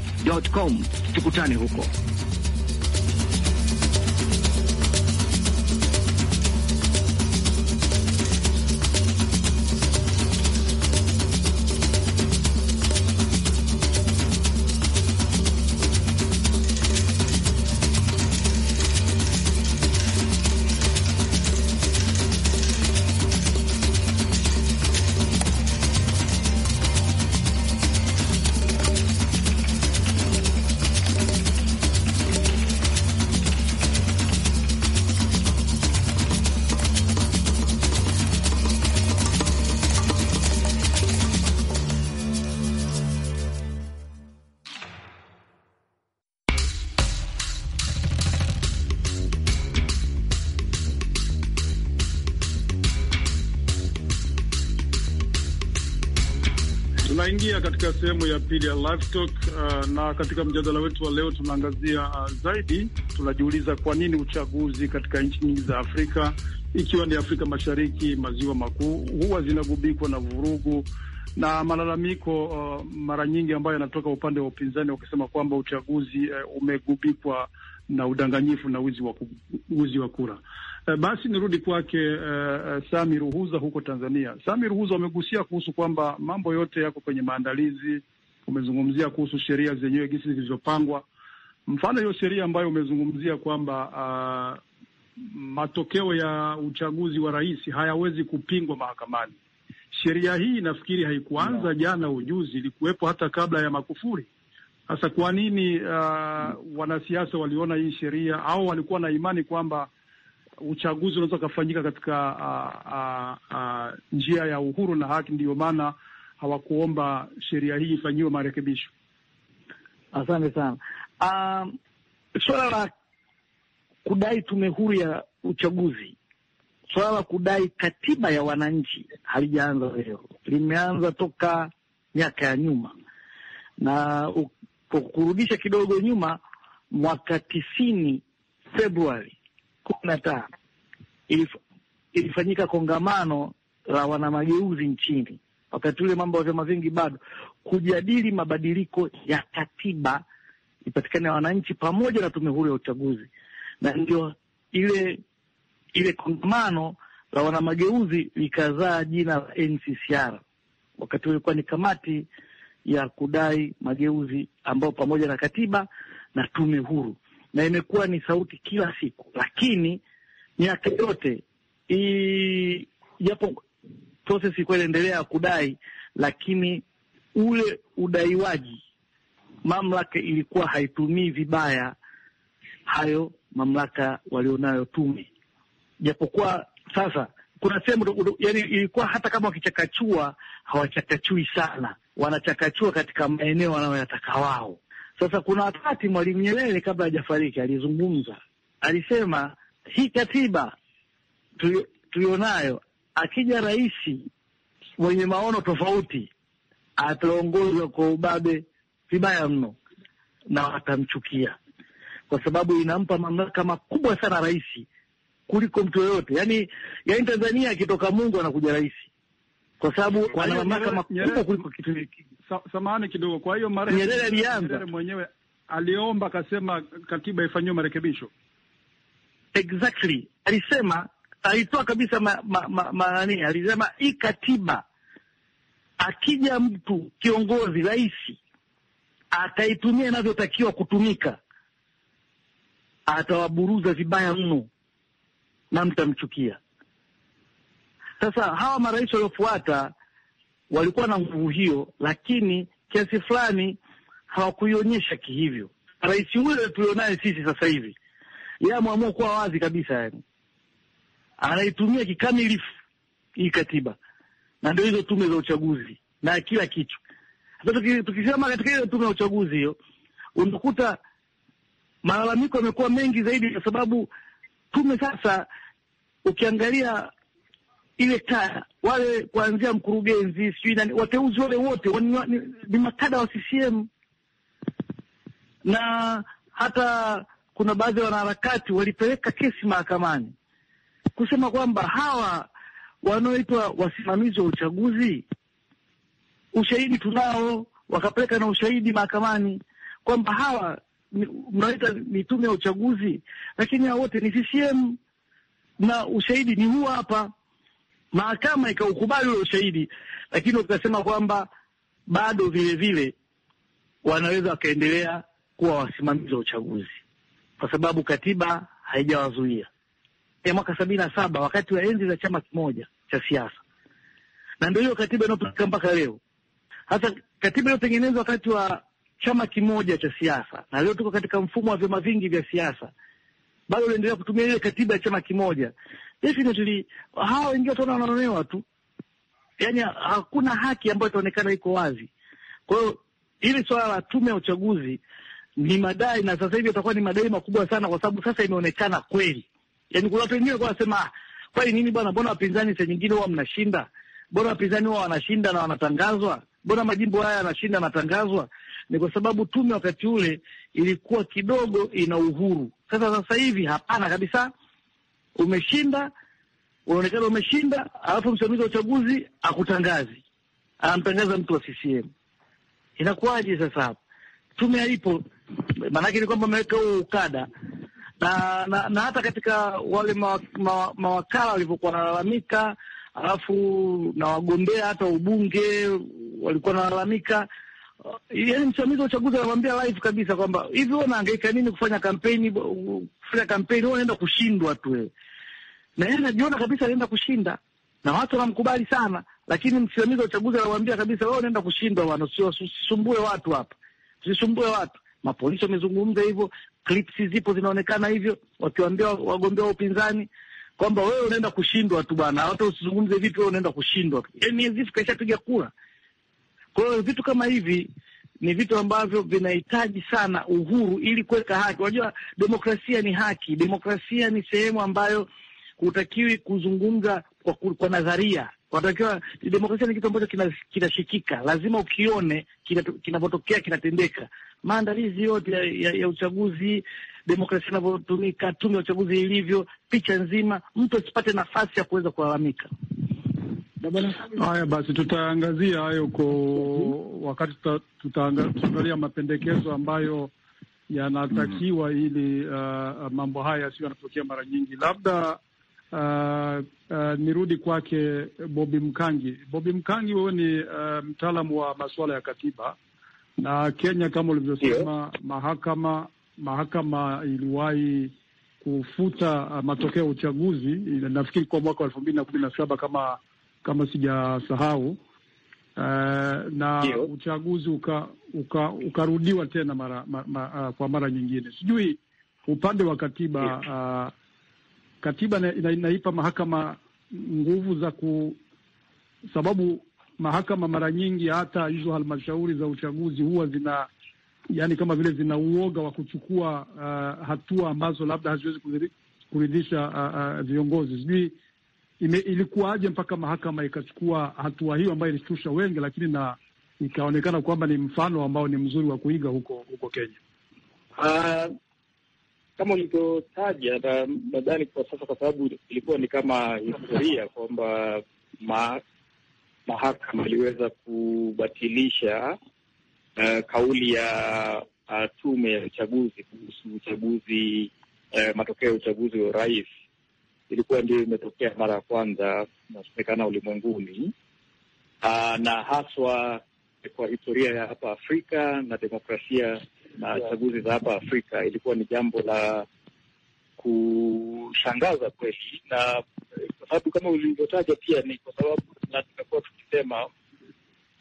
com, tukutane huko. Tunaingia katika sehemu ya pili ya live talk, uh, na katika mjadala wetu wa leo tunaangazia uh, zaidi, tunajiuliza kwa nini uchaguzi katika nchi nyingi za Afrika ikiwa ni Afrika Mashariki, maziwa makuu huwa zinagubikwa na vurugu na malalamiko uh, mara nyingi ambayo yanatoka upande wa upinzani wakisema kwamba uchaguzi uh, umegubikwa na udanganyifu na wizi wa, wizi wa kura. Eh, basi nirudi kwake uh, Sami Ruhuza huko Tanzania. Sami Ruhuza, amegusia kuhusu kwamba mambo yote yako kwenye maandalizi. Umezungumzia kuhusu sheria zenyewe jinsi zilivyopangwa, mfano hiyo sheria ambayo umezungumzia kwamba uh, matokeo ya uchaguzi wa rais hayawezi kupingwa mahakamani. Sheria hii nafikiri haikuanza no. jana ujuzi, ilikuwepo hata kabla ya makufuri Sasa kwa nini uh, wanasiasa waliona hii sheria au walikuwa na imani kwamba uchaguzi unaweza ukafanyika katika a, a, a, njia ya uhuru na haki. Ndiyo maana hawakuomba sheria hii ifanyiwe marekebisho. Asante sana. Um, suala la kudai tume huru ya uchaguzi, suala la kudai katiba ya wananchi halijaanza leo, limeanza toka miaka ya nyuma, na kurudisha kidogo nyuma, mwaka tisini Februari kumi na tano ilif, ilifanyika kongamano la wanamageuzi nchini, wakati ule mambo ya vyama vingi bado, kujadili mabadiliko ya katiba ipatikane ya wananchi pamoja na tume huru ya uchaguzi, na ndio ile ile kongamano la wanamageuzi likazaa jina la NCCR. Wakati ilikuwa ni kamati ya kudai mageuzi ambayo pamoja na katiba na tume huru na imekuwa ni sauti kila siku, lakini miaka yote japo proses ilikuwa inaendelea ya kudai, lakini ule udaiwaji, mamlaka ilikuwa haitumii vibaya hayo mamlaka walionayo tume, japokuwa sasa kuna sehemu yani, ilikuwa hata kama wakichakachua hawachakachui sana, wanachakachua katika maeneo wanayoyataka wao. Sasa kuna wakati Mwalimu Nyerere kabla hajafariki alizungumza, alisema hii katiba tulionayo, akija rais mwenye maono tofauti ataongozwa kwa ubabe vibaya mno na watamchukia, kwa sababu inampa mamlaka makubwa sana rais kuliko mtu yoyote. Yani, yani Tanzania akitoka Mungu anakuja rais, kwa sababu ana mamlaka makubwa kuliko kitu hiki samahani kidogo. Kwa hiyo Nyerere mwenyewe aliomba akasema katiba ifanyiwe marekebisho. Exactly, alisema alitoa kabisa ma, ma, ma, ma, alisema hii katiba, akija mtu kiongozi, rais ataitumia inavyotakiwa kutumika, atawaburuza vibaya mno na mtamchukia. Sasa hawa marais waliofuata walikuwa na nguvu hiyo, lakini kiasi fulani hawakuionyesha kihivyo. Rais huyo tulionaye sisi sasa hivi, yeye ameamua kuwa wazi kabisa, yani anaitumia kikamilifu hii katiba na ndio hizo tume za uchaguzi na kila kitu. Sasa tukisema katika ile tume ya uchaguzi hiyo, unakuta malalamiko yamekuwa mengi zaidi, kwa sababu tume sasa, ukiangalia ile kata wale kuanzia mkurugenzi sijui wateuzi wale wote ni makada wa CCM, na hata kuna baadhi ya wanaharakati walipeleka kesi mahakamani kusema kwamba hawa wanaoitwa wasimamizi wa uchaguzi ushahidi tunao, wakapeleka na ushahidi mahakamani kwamba hawa mnaita ni tume ya uchaguzi, lakini hao wote ni CCM na ushahidi ni huu hapa mahakama ikaukubali ule ushahidi, lakini ukasema kwamba bado vile vile wanaweza wakaendelea kuwa wasimamizi wa uchaguzi kwa sababu katiba haijawazuia. Ya mwaka sabini na saba wakati wa enzi za chama kimoja cha siasa, na ndio hiyo katiba inayotumika mpaka leo. Hasa katiba iliyotengenezwa wakati wa chama kimoja cha siasa, na leo tuko katika mfumo wa vyama vingi vya siasa, bado unaendelea kutumia ile katiba ya chama kimoja, definitely hawa wengine wataona wanaonewa tu, yaani hakuna haki ambayo itaonekana iko wazi. Kwa hiyo hili swala la tume ya uchaguzi ni madai, na sasa hivi itakuwa ni madai makubwa sana, kwa sababu sasa imeonekana kweli. Yaani kuna watu wengine wanasema ah, kwani nini bwana, mbona wapinzani saa nyingine huwa mnashinda? Mbona wapinzani huwa wanashinda na wanatangazwa? Mbona majimbo haya yanashinda yanatangazwa? Ni kwa sababu tume wakati ule ilikuwa kidogo ina uhuru. Sasa sasa hivi hapana kabisa, umeshinda, unaonekana umeshinda, alafu msimamizi wa uchaguzi akutangazi, anamtangaza mtu wa CCM. Inakuwaje sasa hapa? Tume haipo, maanake ni kwamba ameweka huo ukada na, na, na hata katika wale ma, ma, mawakala walivyokuwa wanalalamika, alafu na wagombea hata ubunge walikuwa wanalalamika yaani msimamizi wa uchaguzi anamwambia live kabisa kwamba hivi wewe unahangaika nini kufanya kampeni, kufanya kampeni, wewe unaenda kushindwa tu, wewe na yeye anajiona kabisa anaenda kushinda na watu wanamkubali sana, lakini msimamizi wa uchaguzi anamwambia kabisa, wewe unaenda kushindwa bwana, sio usisumbue watu hapa, usisumbue watu. Mapolisi wamezungumza hivyo, clips zipo zinaonekana hivyo, wakiwaambia wagombea wa upinzani kwamba wewe unaenda kushindwa tu bwana, hata usizungumze vipi, wewe unaenda kushindwa tu, yaani zifu kaishapiga kura. Kwa hiyo vitu kama hivi ni vitu ambavyo vinahitaji sana uhuru ili kuweka haki. Unajua, demokrasia ni haki. Demokrasia ni sehemu ambayo hutakiwi kuzungumza kwa, kwa nadharia watakiwa. Demokrasia ni kitu ambacho kinashikika, kina lazima ukione kinavyotokea, kina kinatendeka. Maandalizi yote ya, ya, ya uchaguzi, demokrasia inavyotumika, tume ya uchaguzi ilivyo, picha nzima, mtu asipate nafasi ya kuweza kulalamika. Haya basi, tutaangazia hayo kwa wakati tutaangalia mapendekezo ambayo yanatakiwa ili uh, uh mambo haya yasiyo yanatokea mara nyingi. Labda uh, uh, nirudi kwake Bobi Mkangi. Bobi Mkangi, wewe ni uh, mtaalamu wa masuala ya katiba na Kenya kama ulivyosema, mahakama mahakama iliwahi kufuta uh, matokeo ya uchaguzi, nafikiri kwa mwaka wa elfu mbili na kumi na saba kama kama sijasahau uh, na Jio. uchaguzi ukarudiwa uka, uka tena mara, ma, ma, uh, kwa mara nyingine. Sijui upande wa katiba uh, katiba ina, na, inaipa mahakama nguvu za ku sababu mahakama mara nyingi hata hizo halmashauri za uchaguzi huwa zina yani kama vile zina uoga wa kuchukua uh, hatua ambazo labda haziwezi kuridhisha uh, uh, viongozi. Sijui ilikuwaje mpaka mahakama ikachukua hatua hiyo ambayo ilishtusha wengi, lakini na ikaonekana kwamba ni mfano ambao ni mzuri wa kuiga huko huko Kenya. Uh, kama ulivyotaja, nadhani kwa sasa, kwa sababu ilikuwa ni kama historia kwamba ma, mahakama iliweza kubatilisha uh, kauli ya uh, tume ya uchaguzi kuhusu uchaguzi uh, matokeo ya uchaguzi wa urais ilikuwa ndio imetokea mara ya kwanza inasemekana ulimwenguni, ah, na haswa kwa historia ya hapa Afrika na demokrasia na chaguzi za hapa Afrika, ilikuwa ni jambo la kushangaza kweli, na kwa sababu kama ulivyotaja pia ni kwa sababu na tumekuwa tukisema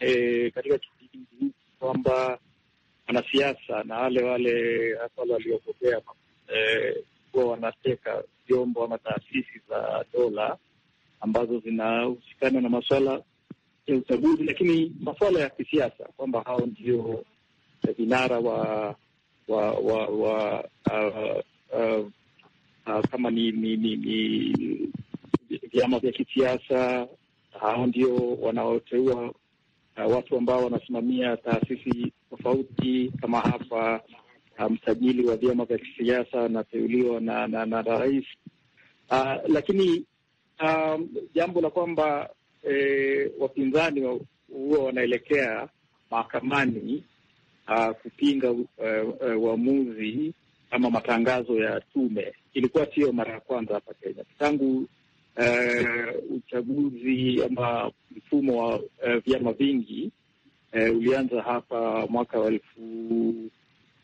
e, katika kipindi hiki kwamba wanasiasa na wale wale hasa waliopokea kuwa eh, wanateka vyombo ama taasisi za dola ambazo zinahusikana na maswala ya uchaguzi, lakini masuala ya kisiasa, kwamba hao ndio vinara wa wa wa, wa uh, uh, uh, kama ni, ni, ni, ni vyama vya kisiasa, hao ndio wanaoteua uh, watu ambao wanasimamia taasisi tofauti kama hapa msajili wa vyama vya kisiasa anateuliwa na, na, na rais uh, lakini um, jambo la kwamba eh, wapinzani huwa wanaelekea mahakamani uh, kupinga eh, eh, uamuzi uh, uh, ama matangazo ya tume. Ilikuwa sio mara ya kwanza hapa Kenya tangu uh, uchaguzi ama mfumo wa uh, vyama vingi uh, ulianza hapa mwaka wa elfu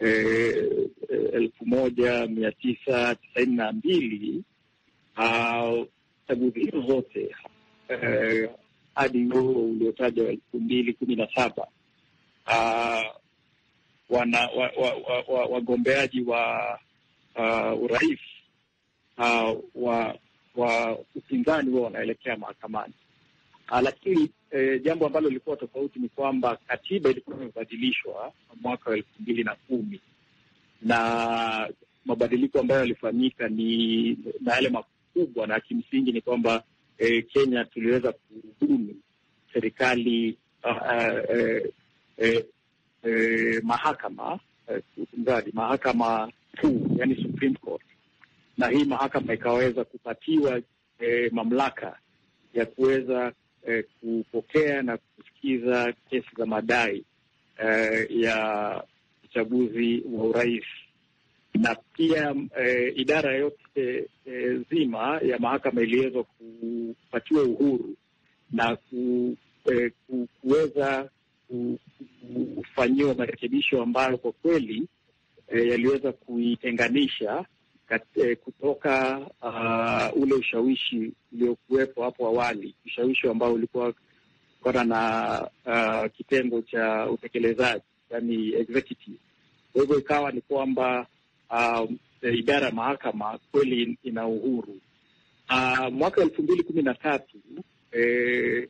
Eh, elfu moja mia tisa tisaini na mbili chaguzi hizo zote eh, hadi huo uliotajwa wa elfu mbili kumi na saba ah, wana wagombeaji wa, wa, wa, wa, wa uh, urais uh, wa, wa upinzani huo wanaelekea mahakamani. Ah, lakini e, jambo ambalo lilikuwa tofauti ni kwamba katiba ilikuwa imebadilishwa mwaka wa elfu mbili na kumi na mabadiliko ambayo yalifanyika ni na yale makubwa, na kimsingi ni kwamba e, Kenya tuliweza kuhudumu serikali uh, uh, uh, uh, uh, mahakama mradi mahakama kuu yani Supreme Court, na hii mahakama ikaweza kupatiwa uh, mamlaka ya kuweza eh, kupokea na kusikiza kesi za madai eh, ya uchaguzi wa urais na pia eh, idara yote eh, zima ya mahakama iliweza kupatiwa uhuru na ku, eh, kuweza kufanyiwa marekebisho ambayo kwa kweli eh, yaliweza kuitenganisha kat, eh, kutoka uh, ule ushawishi uliokuwepo hapo awali, ushawishi ambao ulikuwa kutokana na uh, kitengo cha utekelezaji, yani executive. Kwa hivyo ikawa ni kwamba uh, idara ya mahakama kweli ina uhuru uh, mwaka elfu mbili kumi na tatu eh,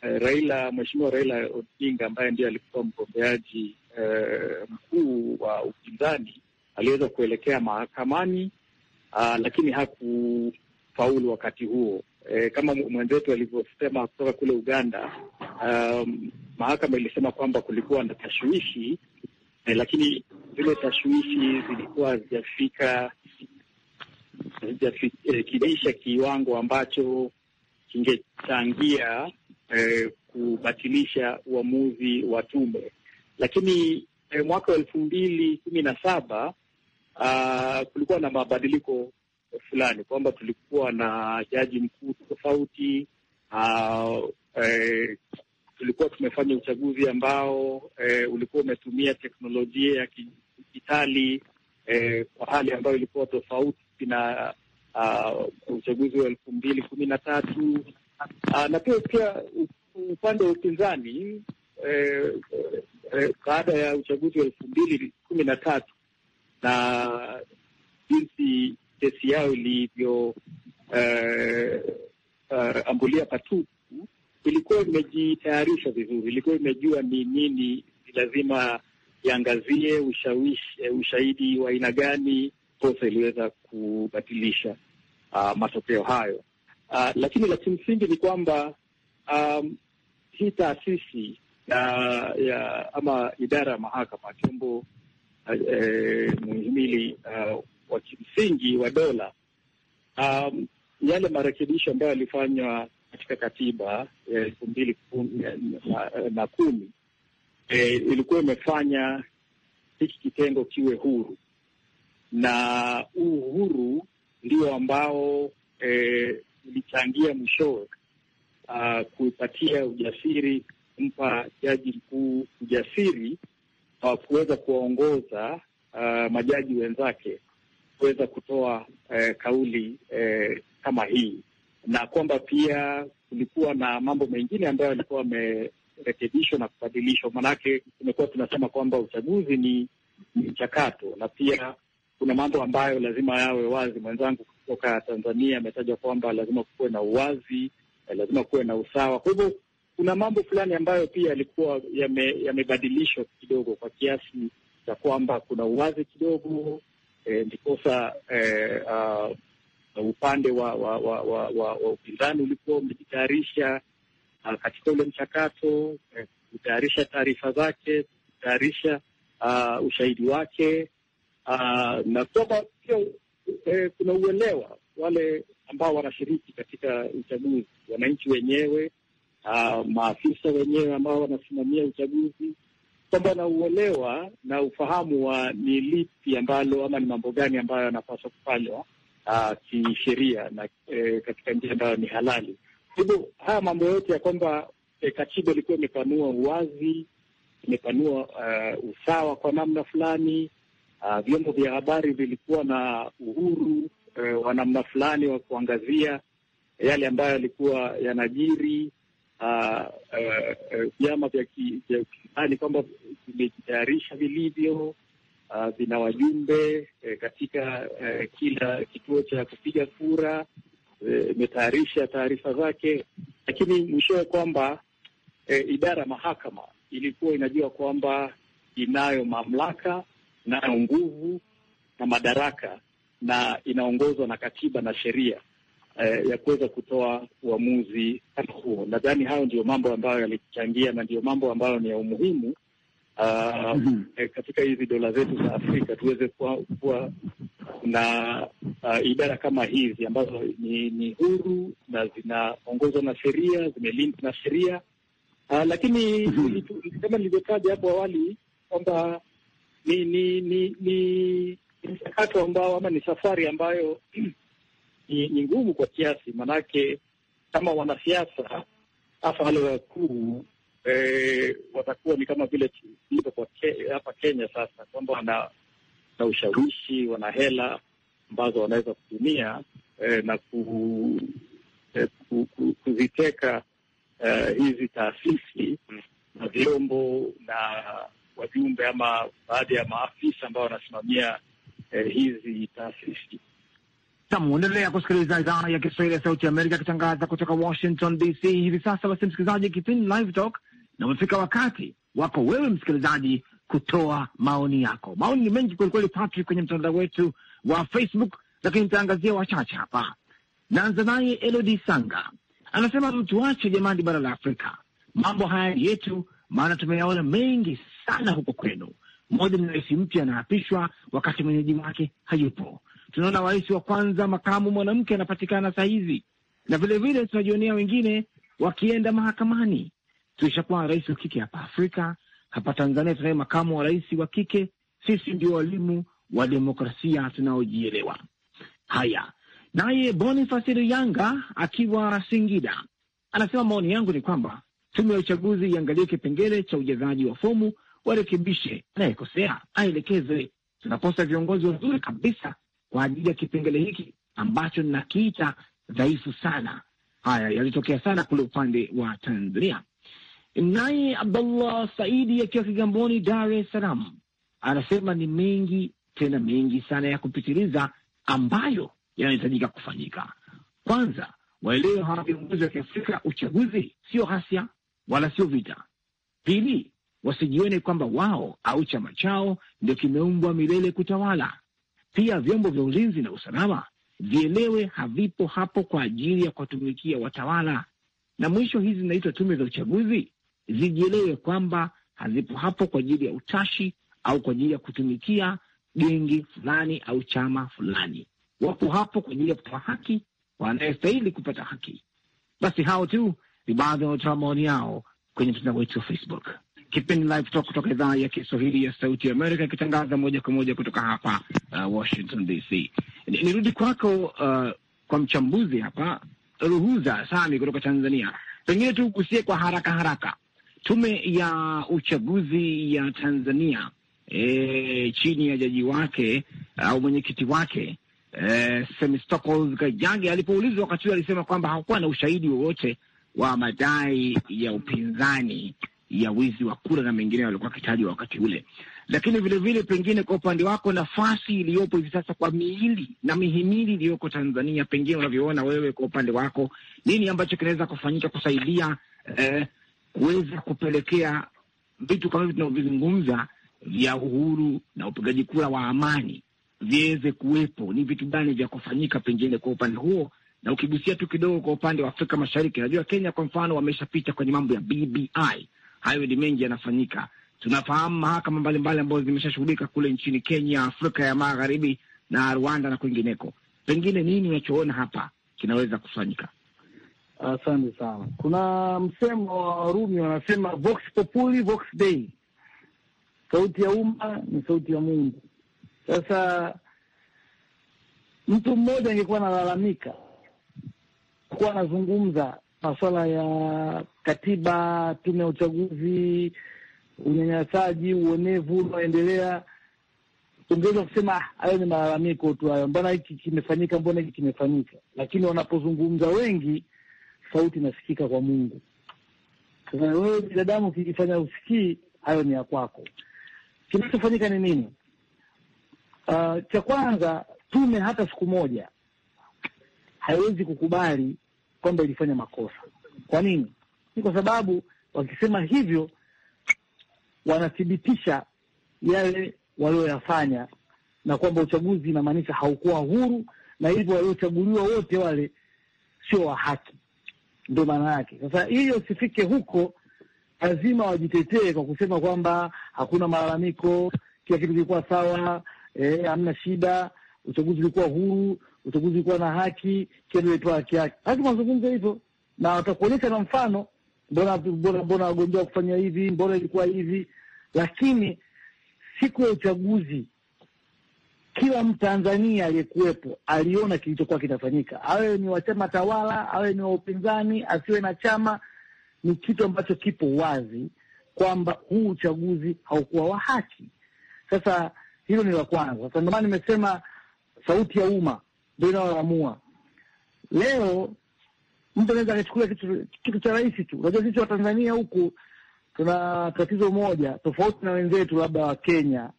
Raila, mheshimiwa Raila Odinga ambaye ndio alikuwa mgombeaji eh, mkuu wa upinzani aliweza kuelekea mahakamani aa, ah, lakini hakufaulu wakati huo. E, kama mwenzetu alivyosema kutoka kule Uganda, um, mahakama ilisema kwamba kulikuwa na tashwishi e, lakini zile tashwishi zilikuwa hazijafika hazijafikisha eh, e, kiwango ambacho kingechangia e, kubatilisha uamuzi wa tume. Lakini e, mwaka wa elfu mbili kumi na saba uh, kulikuwa na mabadiliko fulani kwamba tulikuwa na jaji mkuu tofauti uh, eh, tulikuwa tumefanya uchaguzi ambao eh, ulikuwa umetumia teknolojia ya kidijitali eh, kwa hali ambayo ilikuwa tofauti na uh, uchaguzi wa elfu mbili kumi na tatu uh, na pia pia upande wa upinzani eh, eh, baada ya uchaguzi wa elfu mbili kumi na tatu na jinsi kesi yao ilivyoambulia eh, eh, uh, uh, patupu, ilikuwa imejitayarisha vizuri, ilikuwa imejua ni nini ni lazima iangazie, ushawishi, eh, ushahidi wa aina gani posa iliweza kubatilisha uh, matokeo hayo uh, lakini la kimsingi ni kwamba um, hii taasisi ya ama idara ya mahakama chombo eh, muhimili uh, wa kimsingi wa dola um, yale marekebisho ambayo yalifanywa katika katiba ya elfu mbili eh, eh, na, kumi e, ilikuwa imefanya hiki kitengo kiwe huru na huu uhuru ndio ambao e, ulichangia mwishowe ah, kuipatia ujasiri kumpa jaji mkuu ujasiri hawakuweza uh, kuwaongoza uh, majaji wenzake kuweza kutoa uh, kauli uh, kama hii, na kwamba pia kulikuwa na mambo mengine ambayo yalikuwa yamerekebishwa na kubadilishwa. Maanake tumekuwa tunasema kwamba uchaguzi ni mchakato, na pia kuna mambo ambayo lazima yawe wazi. Mwenzangu kutoka Tanzania ametaja kwamba lazima kuwe na uwazi, eh, lazima kuwe na usawa. Kwa hivyo kuna mambo fulani ambayo pia yalikuwa yamebadilishwa yame kidogo kwa kiasi cha kwamba kuna uwazi kidogo e, ndiposa eh, uh, upande wa wa wa wa, wa, wa upinzani ulikuwa umejitayarisha uh, katika ule mchakato eh, kutayarisha taarifa zake, kutayarisha uh, ushahidi wake uh, na kwamba pia eh, kuna uelewa wale ambao wanashiriki katika uchaguzi, wananchi wenyewe uh, maafisa wenyewe ambao wanasimamia uchaguzi kwamba na uelewa na ufahamu wa ni lipi ambalo ama ni mambo gani ambayo yanapaswa kufanywa uh, kisheria na e, katika njia ambayo ni halali. hivyo haya mambo yote ya kwamba e, katiba ilikuwa imepanua uwazi, imepanua uh, usawa kwa namna fulani. Uh, vyombo vya habari vilikuwa na uhuru uh, wa namna fulani wa kuangazia yale ambayo yalikuwa yanajiri Ah, eh, eh, vyama vya upinzani kwamba vimejitayarisha vilivyo, ah, vina wajumbe eh, katika kila kituo cha kupiga kura, imetayarisha taarifa zake, lakini mwishowe kwamba idara ya mahakama ilikuwa inajua kwamba inayo mamlaka, inayo nguvu na madaraka na inaongozwa na katiba na sheria eh, ya kuweza kutoa uamuzi kama huo. Nadhani hayo ndio mambo ambayo yalichangia na ndio mambo ambayo ni ya umuhimu Uh, mm -hmm. eh, katika hizi dola zetu za Afrika tuweze kuwa, kuwa na uh, idara kama hizi ambazo ni, ni huru na zinaongozwa na sheria, zimelindwa na sheria uh, lakini mm-hmm. kama nilivyotaja hapo awali kwamba ni ni ni mchakato ambao ama ni safari ambayo ni, ni ngumu kwa kiasi, maanake kama wanasiasa hasa wale wakuu e, watakuwa ni kama vile tulivyo hapa ke, Kenya sasa kwamba wana na ushawishi, wana hela ambazo wanaweza kutumia e, na ku, e, ku, ku, kuziteka e, hizi taasisi na vyombo na wajumbe ama baadhi ya maafisa ambao wanasimamia e, hizi taasisi na muendelea kusikiliza idhaa ya Kiswahili ya Sauti ya Amerika akitangaza kutoka Washington DC hivi sasa. Basi msikilizaji, kipindi Live Talk na umefika wakati wako wewe msikilizaji kutoa maoni yako. Maoni ni mengi kwelikweli, Patrick, kwenye mtandao wetu wa Facebook, lakini nitaangazia wachache hapa. Naanza naye Elodi Sanga, anasema tuache jamani, bara la Afrika mambo haya ni yetu, maana tumeyaona mengi sana huko kwenu. Mmoja ni rais mpya anaapishwa wakati mwenyeji wake hayupo Tunaona rais wa kwanza makamu mwanamke anapatikana saa hizi, na vilevile tunajionea wengine wakienda mahakamani. Tulishakuwa rais wa kike hapa Afrika. Hapa Tanzania tunaye makamu wa rais wa kike. Sisi ndio walimu wa demokrasia tunaojielewa. Haya, naye Boniface Luyanga akiwa Singida anasema maoni yangu ni kwamba tume ya uchaguzi iangalie kipengele cha ujazaji wa fomu, warekebishe, anayekosea aelekezwe. Tunaposa viongozi wazuri kabisa kwa ajili ya kipengele hiki ambacho ninakiita dhaifu sana. Haya yalitokea sana kule upande wa Tanzania. Naye Abdullah Saidi akiwa Kigamboni, Dar es Salaam, anasema ni mengi tena mengi sana ya kupitiliza ambayo yanahitajika kufanyika. Kwanza waelewe hawa viongozi wa Kiafrika, uchaguzi sio ghasia wala sio vita. Pili, wasijione kwamba wao au chama chao ndio kimeumbwa milele kutawala. Pia vyombo vya ulinzi na usalama vielewe havipo hapo kwa ajili ya kuwatumikia watawala. Na mwisho, hizi zinaitwa tume za uchaguzi zijielewe kwamba hazipo hapo kwa ajili ya utashi au kwa ajili ya kutumikia gengi fulani au chama fulani. Wapo hapo kwa ajili ya kutoa haki wanayestahili kupata haki. Basi hao tu ni baadhi wanaotoa maoni yao kwenye mtandao wetu wa Facebook kipindi Live Talk kutoka idhaa ya Kiswahili ya Sauti ya Amerika ikitangaza moja kwa moja kutoka hapa uh, Washington DC. Nirudi kwako uh, kwa mchambuzi hapa Ruhuza Sami kutoka Tanzania, pengine tu kusie kwa haraka haraka tume ya uchaguzi ya Tanzania e, chini ya jaji wake uh, au mwenyekiti wake e, Semistocles Kajage alipoulizwa wakati huo alisema kwamba hakuwa na ushahidi wowote wa madai ya upinzani ya wizi wa kura na mengineo yaliokuwa akitajwa wakati ule. Lakini vilevile pengine kwa upande wako, nafasi iliyopo hivi sasa kwa miili na mihimili iliyoko Tanzania, pengine unavyoona wewe kwa upande wako, nini ambacho kinaweza kufanyika kusaidia eh, kuweza kupelekea vitu kama hivi tunavyozungumza vya uhuru na upigaji kura wa amani viweze kuwepo? Ni vitu gani vya kufanyika pengine kwa upande huo? Na ukigusia tu kidogo kwa upande wa Afrika Mashariki, najua Kenya kwa mfano wameshapita kwenye mambo ya BBI hayo ni mengi yanafanyika. Tunafahamu mahakama mbalimbali ambazo zimeshashughulika kule nchini Kenya, Afrika ya Magharibi na Rwanda na kwingineko. Pengine nini unachoona hapa kinaweza kufanyika? Asante sana. Kuna msemo wa Warumi wanasema vox populi vox dei, sauti ya umma ni sauti ya Mungu. Sasa mtu mmoja angekuwa analalamika, kuwa anazungumza masuala ya katiba, tume ya uchaguzi, unyanyasaji, uonevu unaoendelea. Ungeweza kusema ah, hayo ni malalamiko tu hayo, mbona hiki kimefanyika, mbona hiki kimefanyika, lakini wanapozungumza wengi, sauti inasikika kwa Mungu. Sasa wewe binadamu ukijifanya usikii, hayo ni ya kwako. Kinachofanyika ni nini? Uh, cha kwanza tume hata siku moja haiwezi kukubali kwamba ilifanya makosa. Kwa nini? Ni kwa sababu wakisema hivyo wanathibitisha yale walioyafanya, na kwamba uchaguzi inamaanisha haukuwa huru, na hivyo waliochaguliwa wote wale sio wa haki. Ndio maana yake. Sasa hiyo sifike huko, lazima wajitetee kwa kusema kwamba hakuna malalamiko, kila kitu kilikuwa sawa, eh, hamna e, shida, uchaguzi ulikuwa huru, uchaguzi kuwa na haki, kila alipewa haki yake. Haki mazungumzo hivyo, na watakuonyesha na mfano, mbona mbona mbona wagombea kufanya hivi, mbona ilikuwa hivi. Lakini siku ya uchaguzi kila Mtanzania aliyekuwepo aliona kilichokuwa kinafanyika, awe ni wa chama tawala, awe ni wa upinzani, asiwe na chama. Ni kitu ambacho kipo wazi kwamba huu uchaguzi haukuwa wa haki. Sasa hilo ni la kwanza. Sasa ndio maana nimesema sauti ya umma ndio inayoamua. Leo mtu anaweza akachukulia kitu, kitu cha rahisi tu. Unajua sisi Watanzania huku tuna tatizo moja tofauti na wenzetu labda wa Kenya,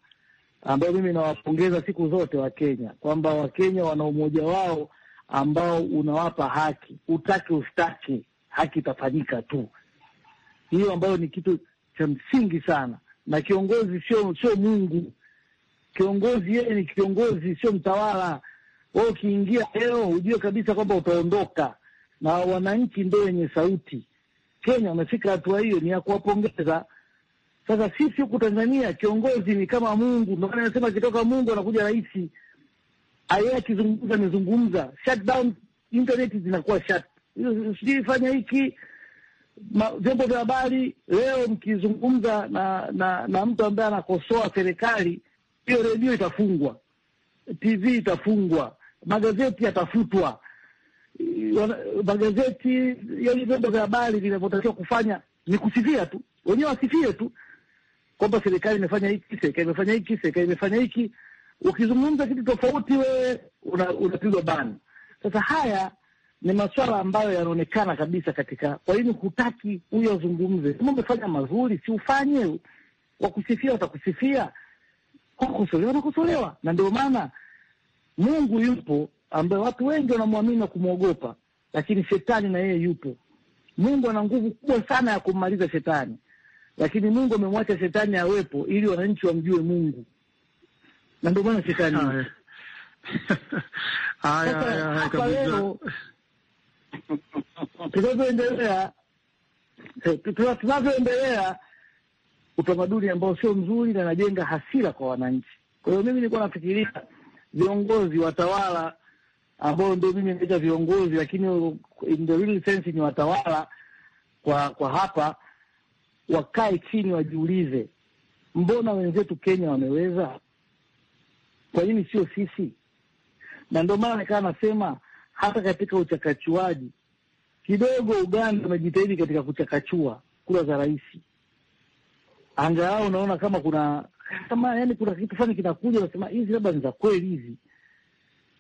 ambayo mimi nawapongeza siku zote wa Kenya kwamba Wakenya wana umoja wao ambao unawapa haki, utaki ustaki, haki itafanyika tu, hiyo ambayo ni kitu cha msingi sana. Na kiongozi sio sio Mungu, kiongozi yeye ni kiongozi, sio mtawala wewe ukiingia leo ujue kabisa kwamba utaondoka, na wananchi ndio wenye sauti. Kenya wamefika hatua hiyo, ni ya kuwapongeza. Sasa sisi huku Tanzania kiongozi ni kama Mungu, ndio maana anasema akitoka Mungu anakuja rais. Aye akizungumza amezungumza, shutdown internet zinakuwa shut, sijui fanya hiki vyombo vya habari leo mkizungumza na na, na mtu ambaye anakosoa serikali, hiyo redio itafungwa, TV itafungwa, magazeti yatafutwa, magazeti yaani vyombo vya habari vinavyotakiwa kufanya ni kusifia tu, wenyewe wasifie tu kwamba serikali imefanya hiki, serikali imefanya hiki, serikali imefanya hiki. Ukizungumza kitu tofauti, wewe unapigwa una bani. Sasa haya ni masuala ambayo yanaonekana kabisa katika, kwa nini hutaki huyo azungumze? Kama umefanya mazuri, si ufanye. Wakusifia watakusifia, kukosolewa watakosolewa, na ndio maana Mungu yupo ambaye watu wengi wanamwamini na kumwogopa, lakini shetani na yeye yupo. Mungu ana nguvu kubwa sana ya kummaliza shetani, lakini Mungu amemwacha shetani awepo ili wananchi wamjue Mungu, na ndio maana shetani leo tunavyoendelea tunavyoendelea utamaduni ambao sio mzuri na najenga hasira kwa wananchi. Kwa hiyo mimi nilikuwa nafikiria viongozi watawala ambao ndio mimi naita viongozi, lakini in the real sense ni watawala kwa kwa hapa, wakae chini wajiulize, mbona wenzetu Kenya wameweza, kwa nini sio sisi? Na ndio maana nikaa nasema hata katika uchakachuaji kidogo Uganda umejitahidi katika kuchakachua kura za rais, angalau unaona kama kuna kama yani kuna kitu fulani kinakuja, unasema hizi labda ni za kweli hizi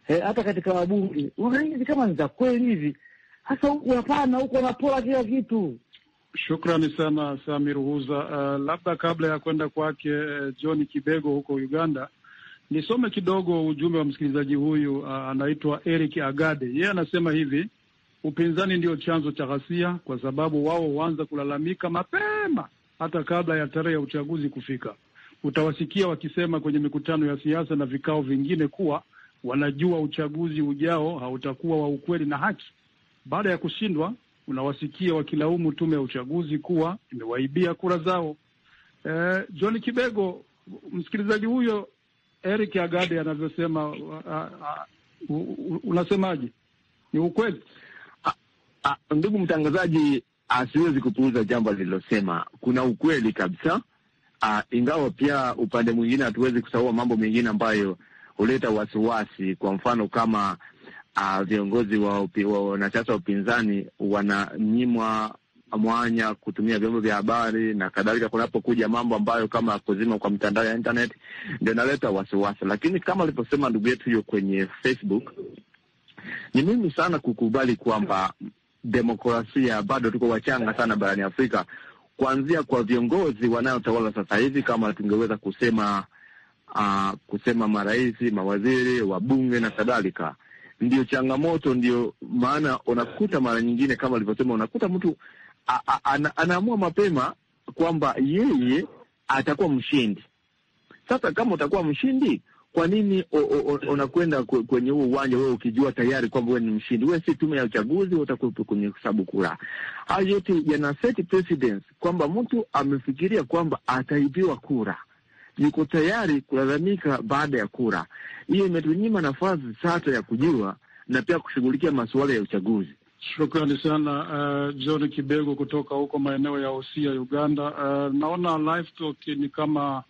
eh, hata katika wabunge hizi kama ni za kweli hizi. Sasa huku hapana, huku wanapora kila kitu. Shukrani sana Samir Huza. Uh, labda kabla ya kwenda kwake uh, John Kibego huko Uganda, nisome kidogo ujumbe wa msikilizaji huyu uh, anaitwa Eric Agade. Yeye yeah, anasema hivi upinzani ndio chanzo cha ghasia, kwa sababu wao huanza kulalamika mapema hata kabla ya tarehe ya uchaguzi kufika utawasikia wakisema kwenye mikutano ya siasa na vikao vingine kuwa wanajua uchaguzi ujao hautakuwa wa ukweli na haki. Baada ya kushindwa, unawasikia wakilaumu tume ya uchaguzi kuwa imewaibia kura zao. E, John Kibego, msikilizaji huyo Eric Agade anavyosema, unasemaje? Ni ukweli? Ndugu mtangazaji, Asiwezi kupuuza jambo alilosema. Kuna ukweli kabisa Uh, ingawa pia upande mwingine hatuwezi kusahau mambo mengine ambayo huleta wasiwasi, kwa mfano kama uh, viongozi wa wanasiasa wa upinzani wananyimwa mwanya kutumia vyombo vya habari na kadhalika, kunapokuja mambo ambayo kama kuzima kwa mitandao ya internet ndio inaleta wasiwasi. Lakini kama alivyosema ndugu yetu hiyo kwenye Facebook, ni muhimu sana kukubali kwamba demokrasia bado tuko wachanga sana barani Afrika kuanzia kwa viongozi wanaotawala sasa hivi, kama tungeweza kusema uh, kusema marais, mawaziri, wabunge na kadhalika. Ndio changamoto, ndio maana unakuta mara nyingine kama alivyosema, unakuta mtu anaamua mapema kwamba yeye atakuwa mshindi. Sasa kama utakuwa mshindi kwa nini unakwenda kwenye huo uwanja wewe ukijua tayari kwamba wewe ni mshindi? Wewe si tume ya uchaguzi, utakuwepo kwenye hesabu kura. Hayo yote yana set precedence kwamba mtu amefikiria kwamba ataibiwa kura, yuko tayari kulalamika baada ya kura. Hiyo imetunyima nafasi sasa ya kujua na pia kushughulikia masuala ya uchaguzi. Shukrani sana uh, John Kibego kutoka huko maeneo ya Osia, Uganda. Uh, naona live talk ni kama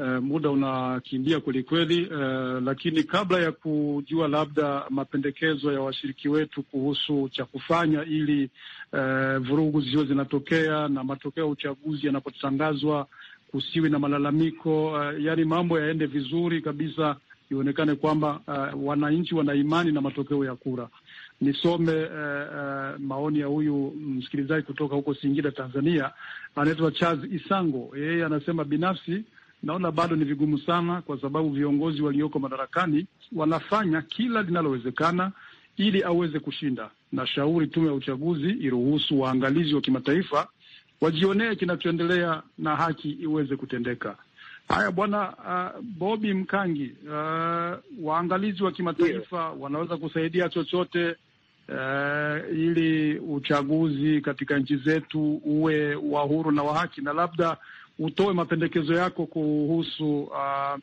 Eh, muda unakimbia kwelikweli Uh, eh, lakini kabla ya kujua labda mapendekezo ya washiriki wetu kuhusu cha kufanya ili uh, vurugu zisizo zinatokea na matokeo ya uchaguzi yanapotangazwa kusiwi na malalamiko uh, yaani mambo yaende vizuri kabisa, ionekane kwamba uh, wananchi wana imani na matokeo ya kura. Nisome uh, uh, maoni ya huyu msikilizaji kutoka huko Singida, Tanzania, anaitwa Charles Isango. Yeye anasema binafsi naona bado ni vigumu sana, kwa sababu viongozi walioko madarakani wanafanya kila linalowezekana ili aweze kushinda. Na shauri tume ya uchaguzi iruhusu waangalizi wa kimataifa wajionee kinachoendelea na haki iweze kutendeka. Haya bwana uh, Bobi Mkangi, uh, waangalizi wa kimataifa yeah, wanaweza kusaidia chochote uh, ili uchaguzi katika nchi zetu uwe wa huru na wa haki, na labda utoe mapendekezo yako kuhusu uh,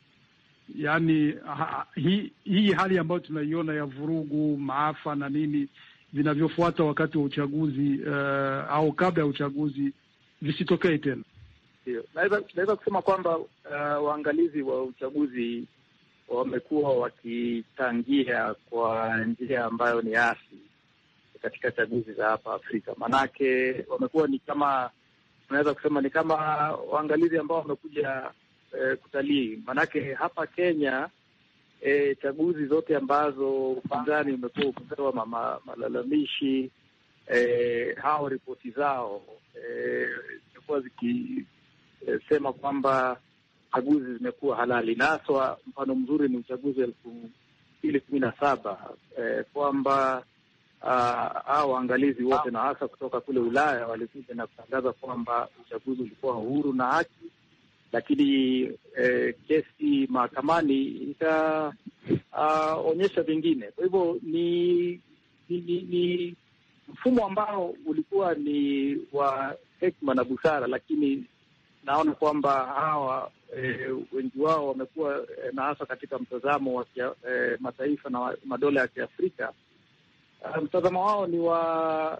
yani ha, hii hi hali ambayo tunaiona ya vurugu, maafa na nini vinavyofuata wakati wa uchaguzi uh, au kabla ya uchaguzi visitokee tena. naweza kusema kwamba uh, waangalizi wa uchaguzi wamekuwa wakichangia kwa njia ambayo ni asi katika chaguzi za hapa Afrika, manake wamekuwa ni kama unaweza kusema ni kama waangalizi ambao wamekuja e, kutalii. Maanake hapa Kenya e, chaguzi zote ambazo upinzani umekuwa ukipewa malalamishi e, hao ripoti zao zimekuwa e, zikisema kwamba chaguzi zimekuwa halali na haswa mfano mzuri ni uchaguzi elfu mbili kumi na saba e, kwamba au ah, waangalizi wote na hasa kutoka kule Ulaya walikuja na kutangaza kwamba uchaguzi ulikuwa huru na haki, lakini eh, kesi mahakamani ikaonyesha ah, uh, vingine. Kwa hivyo ni, ni, ni, ni mfumo ambao ulikuwa ni wa hekima na busara, lakini naona kwamba hawa eh, wengi wao wamekuwa eh, na hasa katika mtazamo wa eh, mataifa na madola ya Kiafrika Ah, mtazamo wao ni wa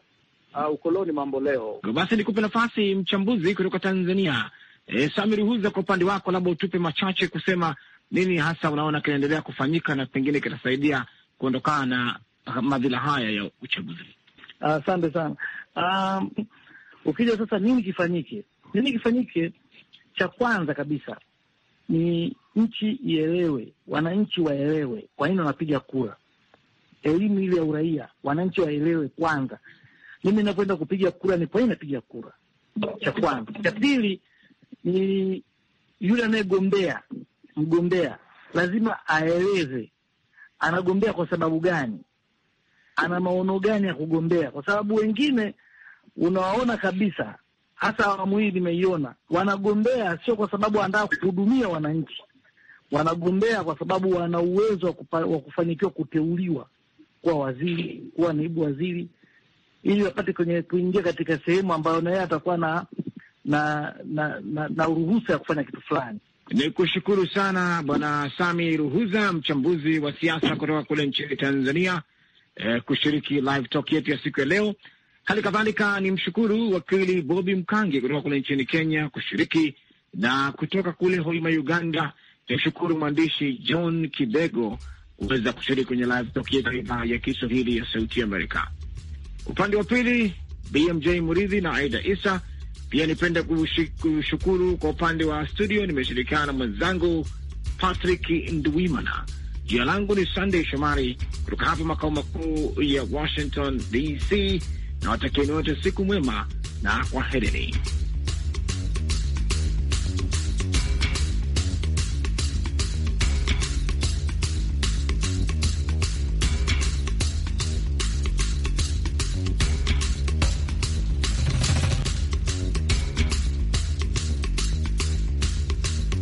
uh, ukoloni mambo leo. Basi nikupe nafasi mchambuzi kutoka Tanzania, e, eh, Samiri Huza, kwa upande wako, labda utupe machache kusema nini hasa unaona kinaendelea kufanyika na pengine kitasaidia kuondokana na madhila haya ya uchaguzi. Asante uh, sana. Um, ukija sasa, nini kifanyike? Nini kifanyike? Cha kwanza kabisa ni nchi ielewe, wananchi waelewe kwa nini wanapiga kura elimu ile ya uraia, wananchi waelewe kwanza, mimi napoenda kupiga kura ni kwa nini napiga kura, cha kwanza. Cha pili ni yule anayegombea, mgombea lazima aeleze anagombea kwa sababu gani, ana maono gani ya kugombea, kwa sababu wengine unawaona kabisa, hasa awamu hii nimeiona, wanagombea sio kwa sababu wanataka kuhudumia wananchi, wanagombea kwa sababu wana uwezo wa kufanikiwa kuteuliwa kuwa waziri, kuwa naibu waziri, ili wapate kwenye kuingia katika sehemu ambayo naye atakuwa na na na, na, na uruhusa ya kufanya kitu fulani. Ni kushukuru sana Bwana Sami Ruhuza, mchambuzi wa siasa kutoka kule nchini Tanzania, eh, kushiriki live talk yetu ya siku ya leo. Hali kadhalika ni mshukuru wakili Bobi Mkangi kutoka kule nchini Kenya kushiriki, na kutoka kule Hoima, Uganda, mshukuru mwandishi John Kibego kuweza kushiriki kwenye live talk yetu ya idhaa ya Kiswahili ya Sauti ya Amerika. Upande wa pili BMJ Muridhi na Aida Isa. Pia nipenda kushukuru kwa upande wa studio, nimeshirikiana na mwenzangu Patrick Ndwimana. Jina langu ni Sunday Shomari kutoka hapa makao makuu ya Washington DC, na watakieni wote siku mwema na kwaherini.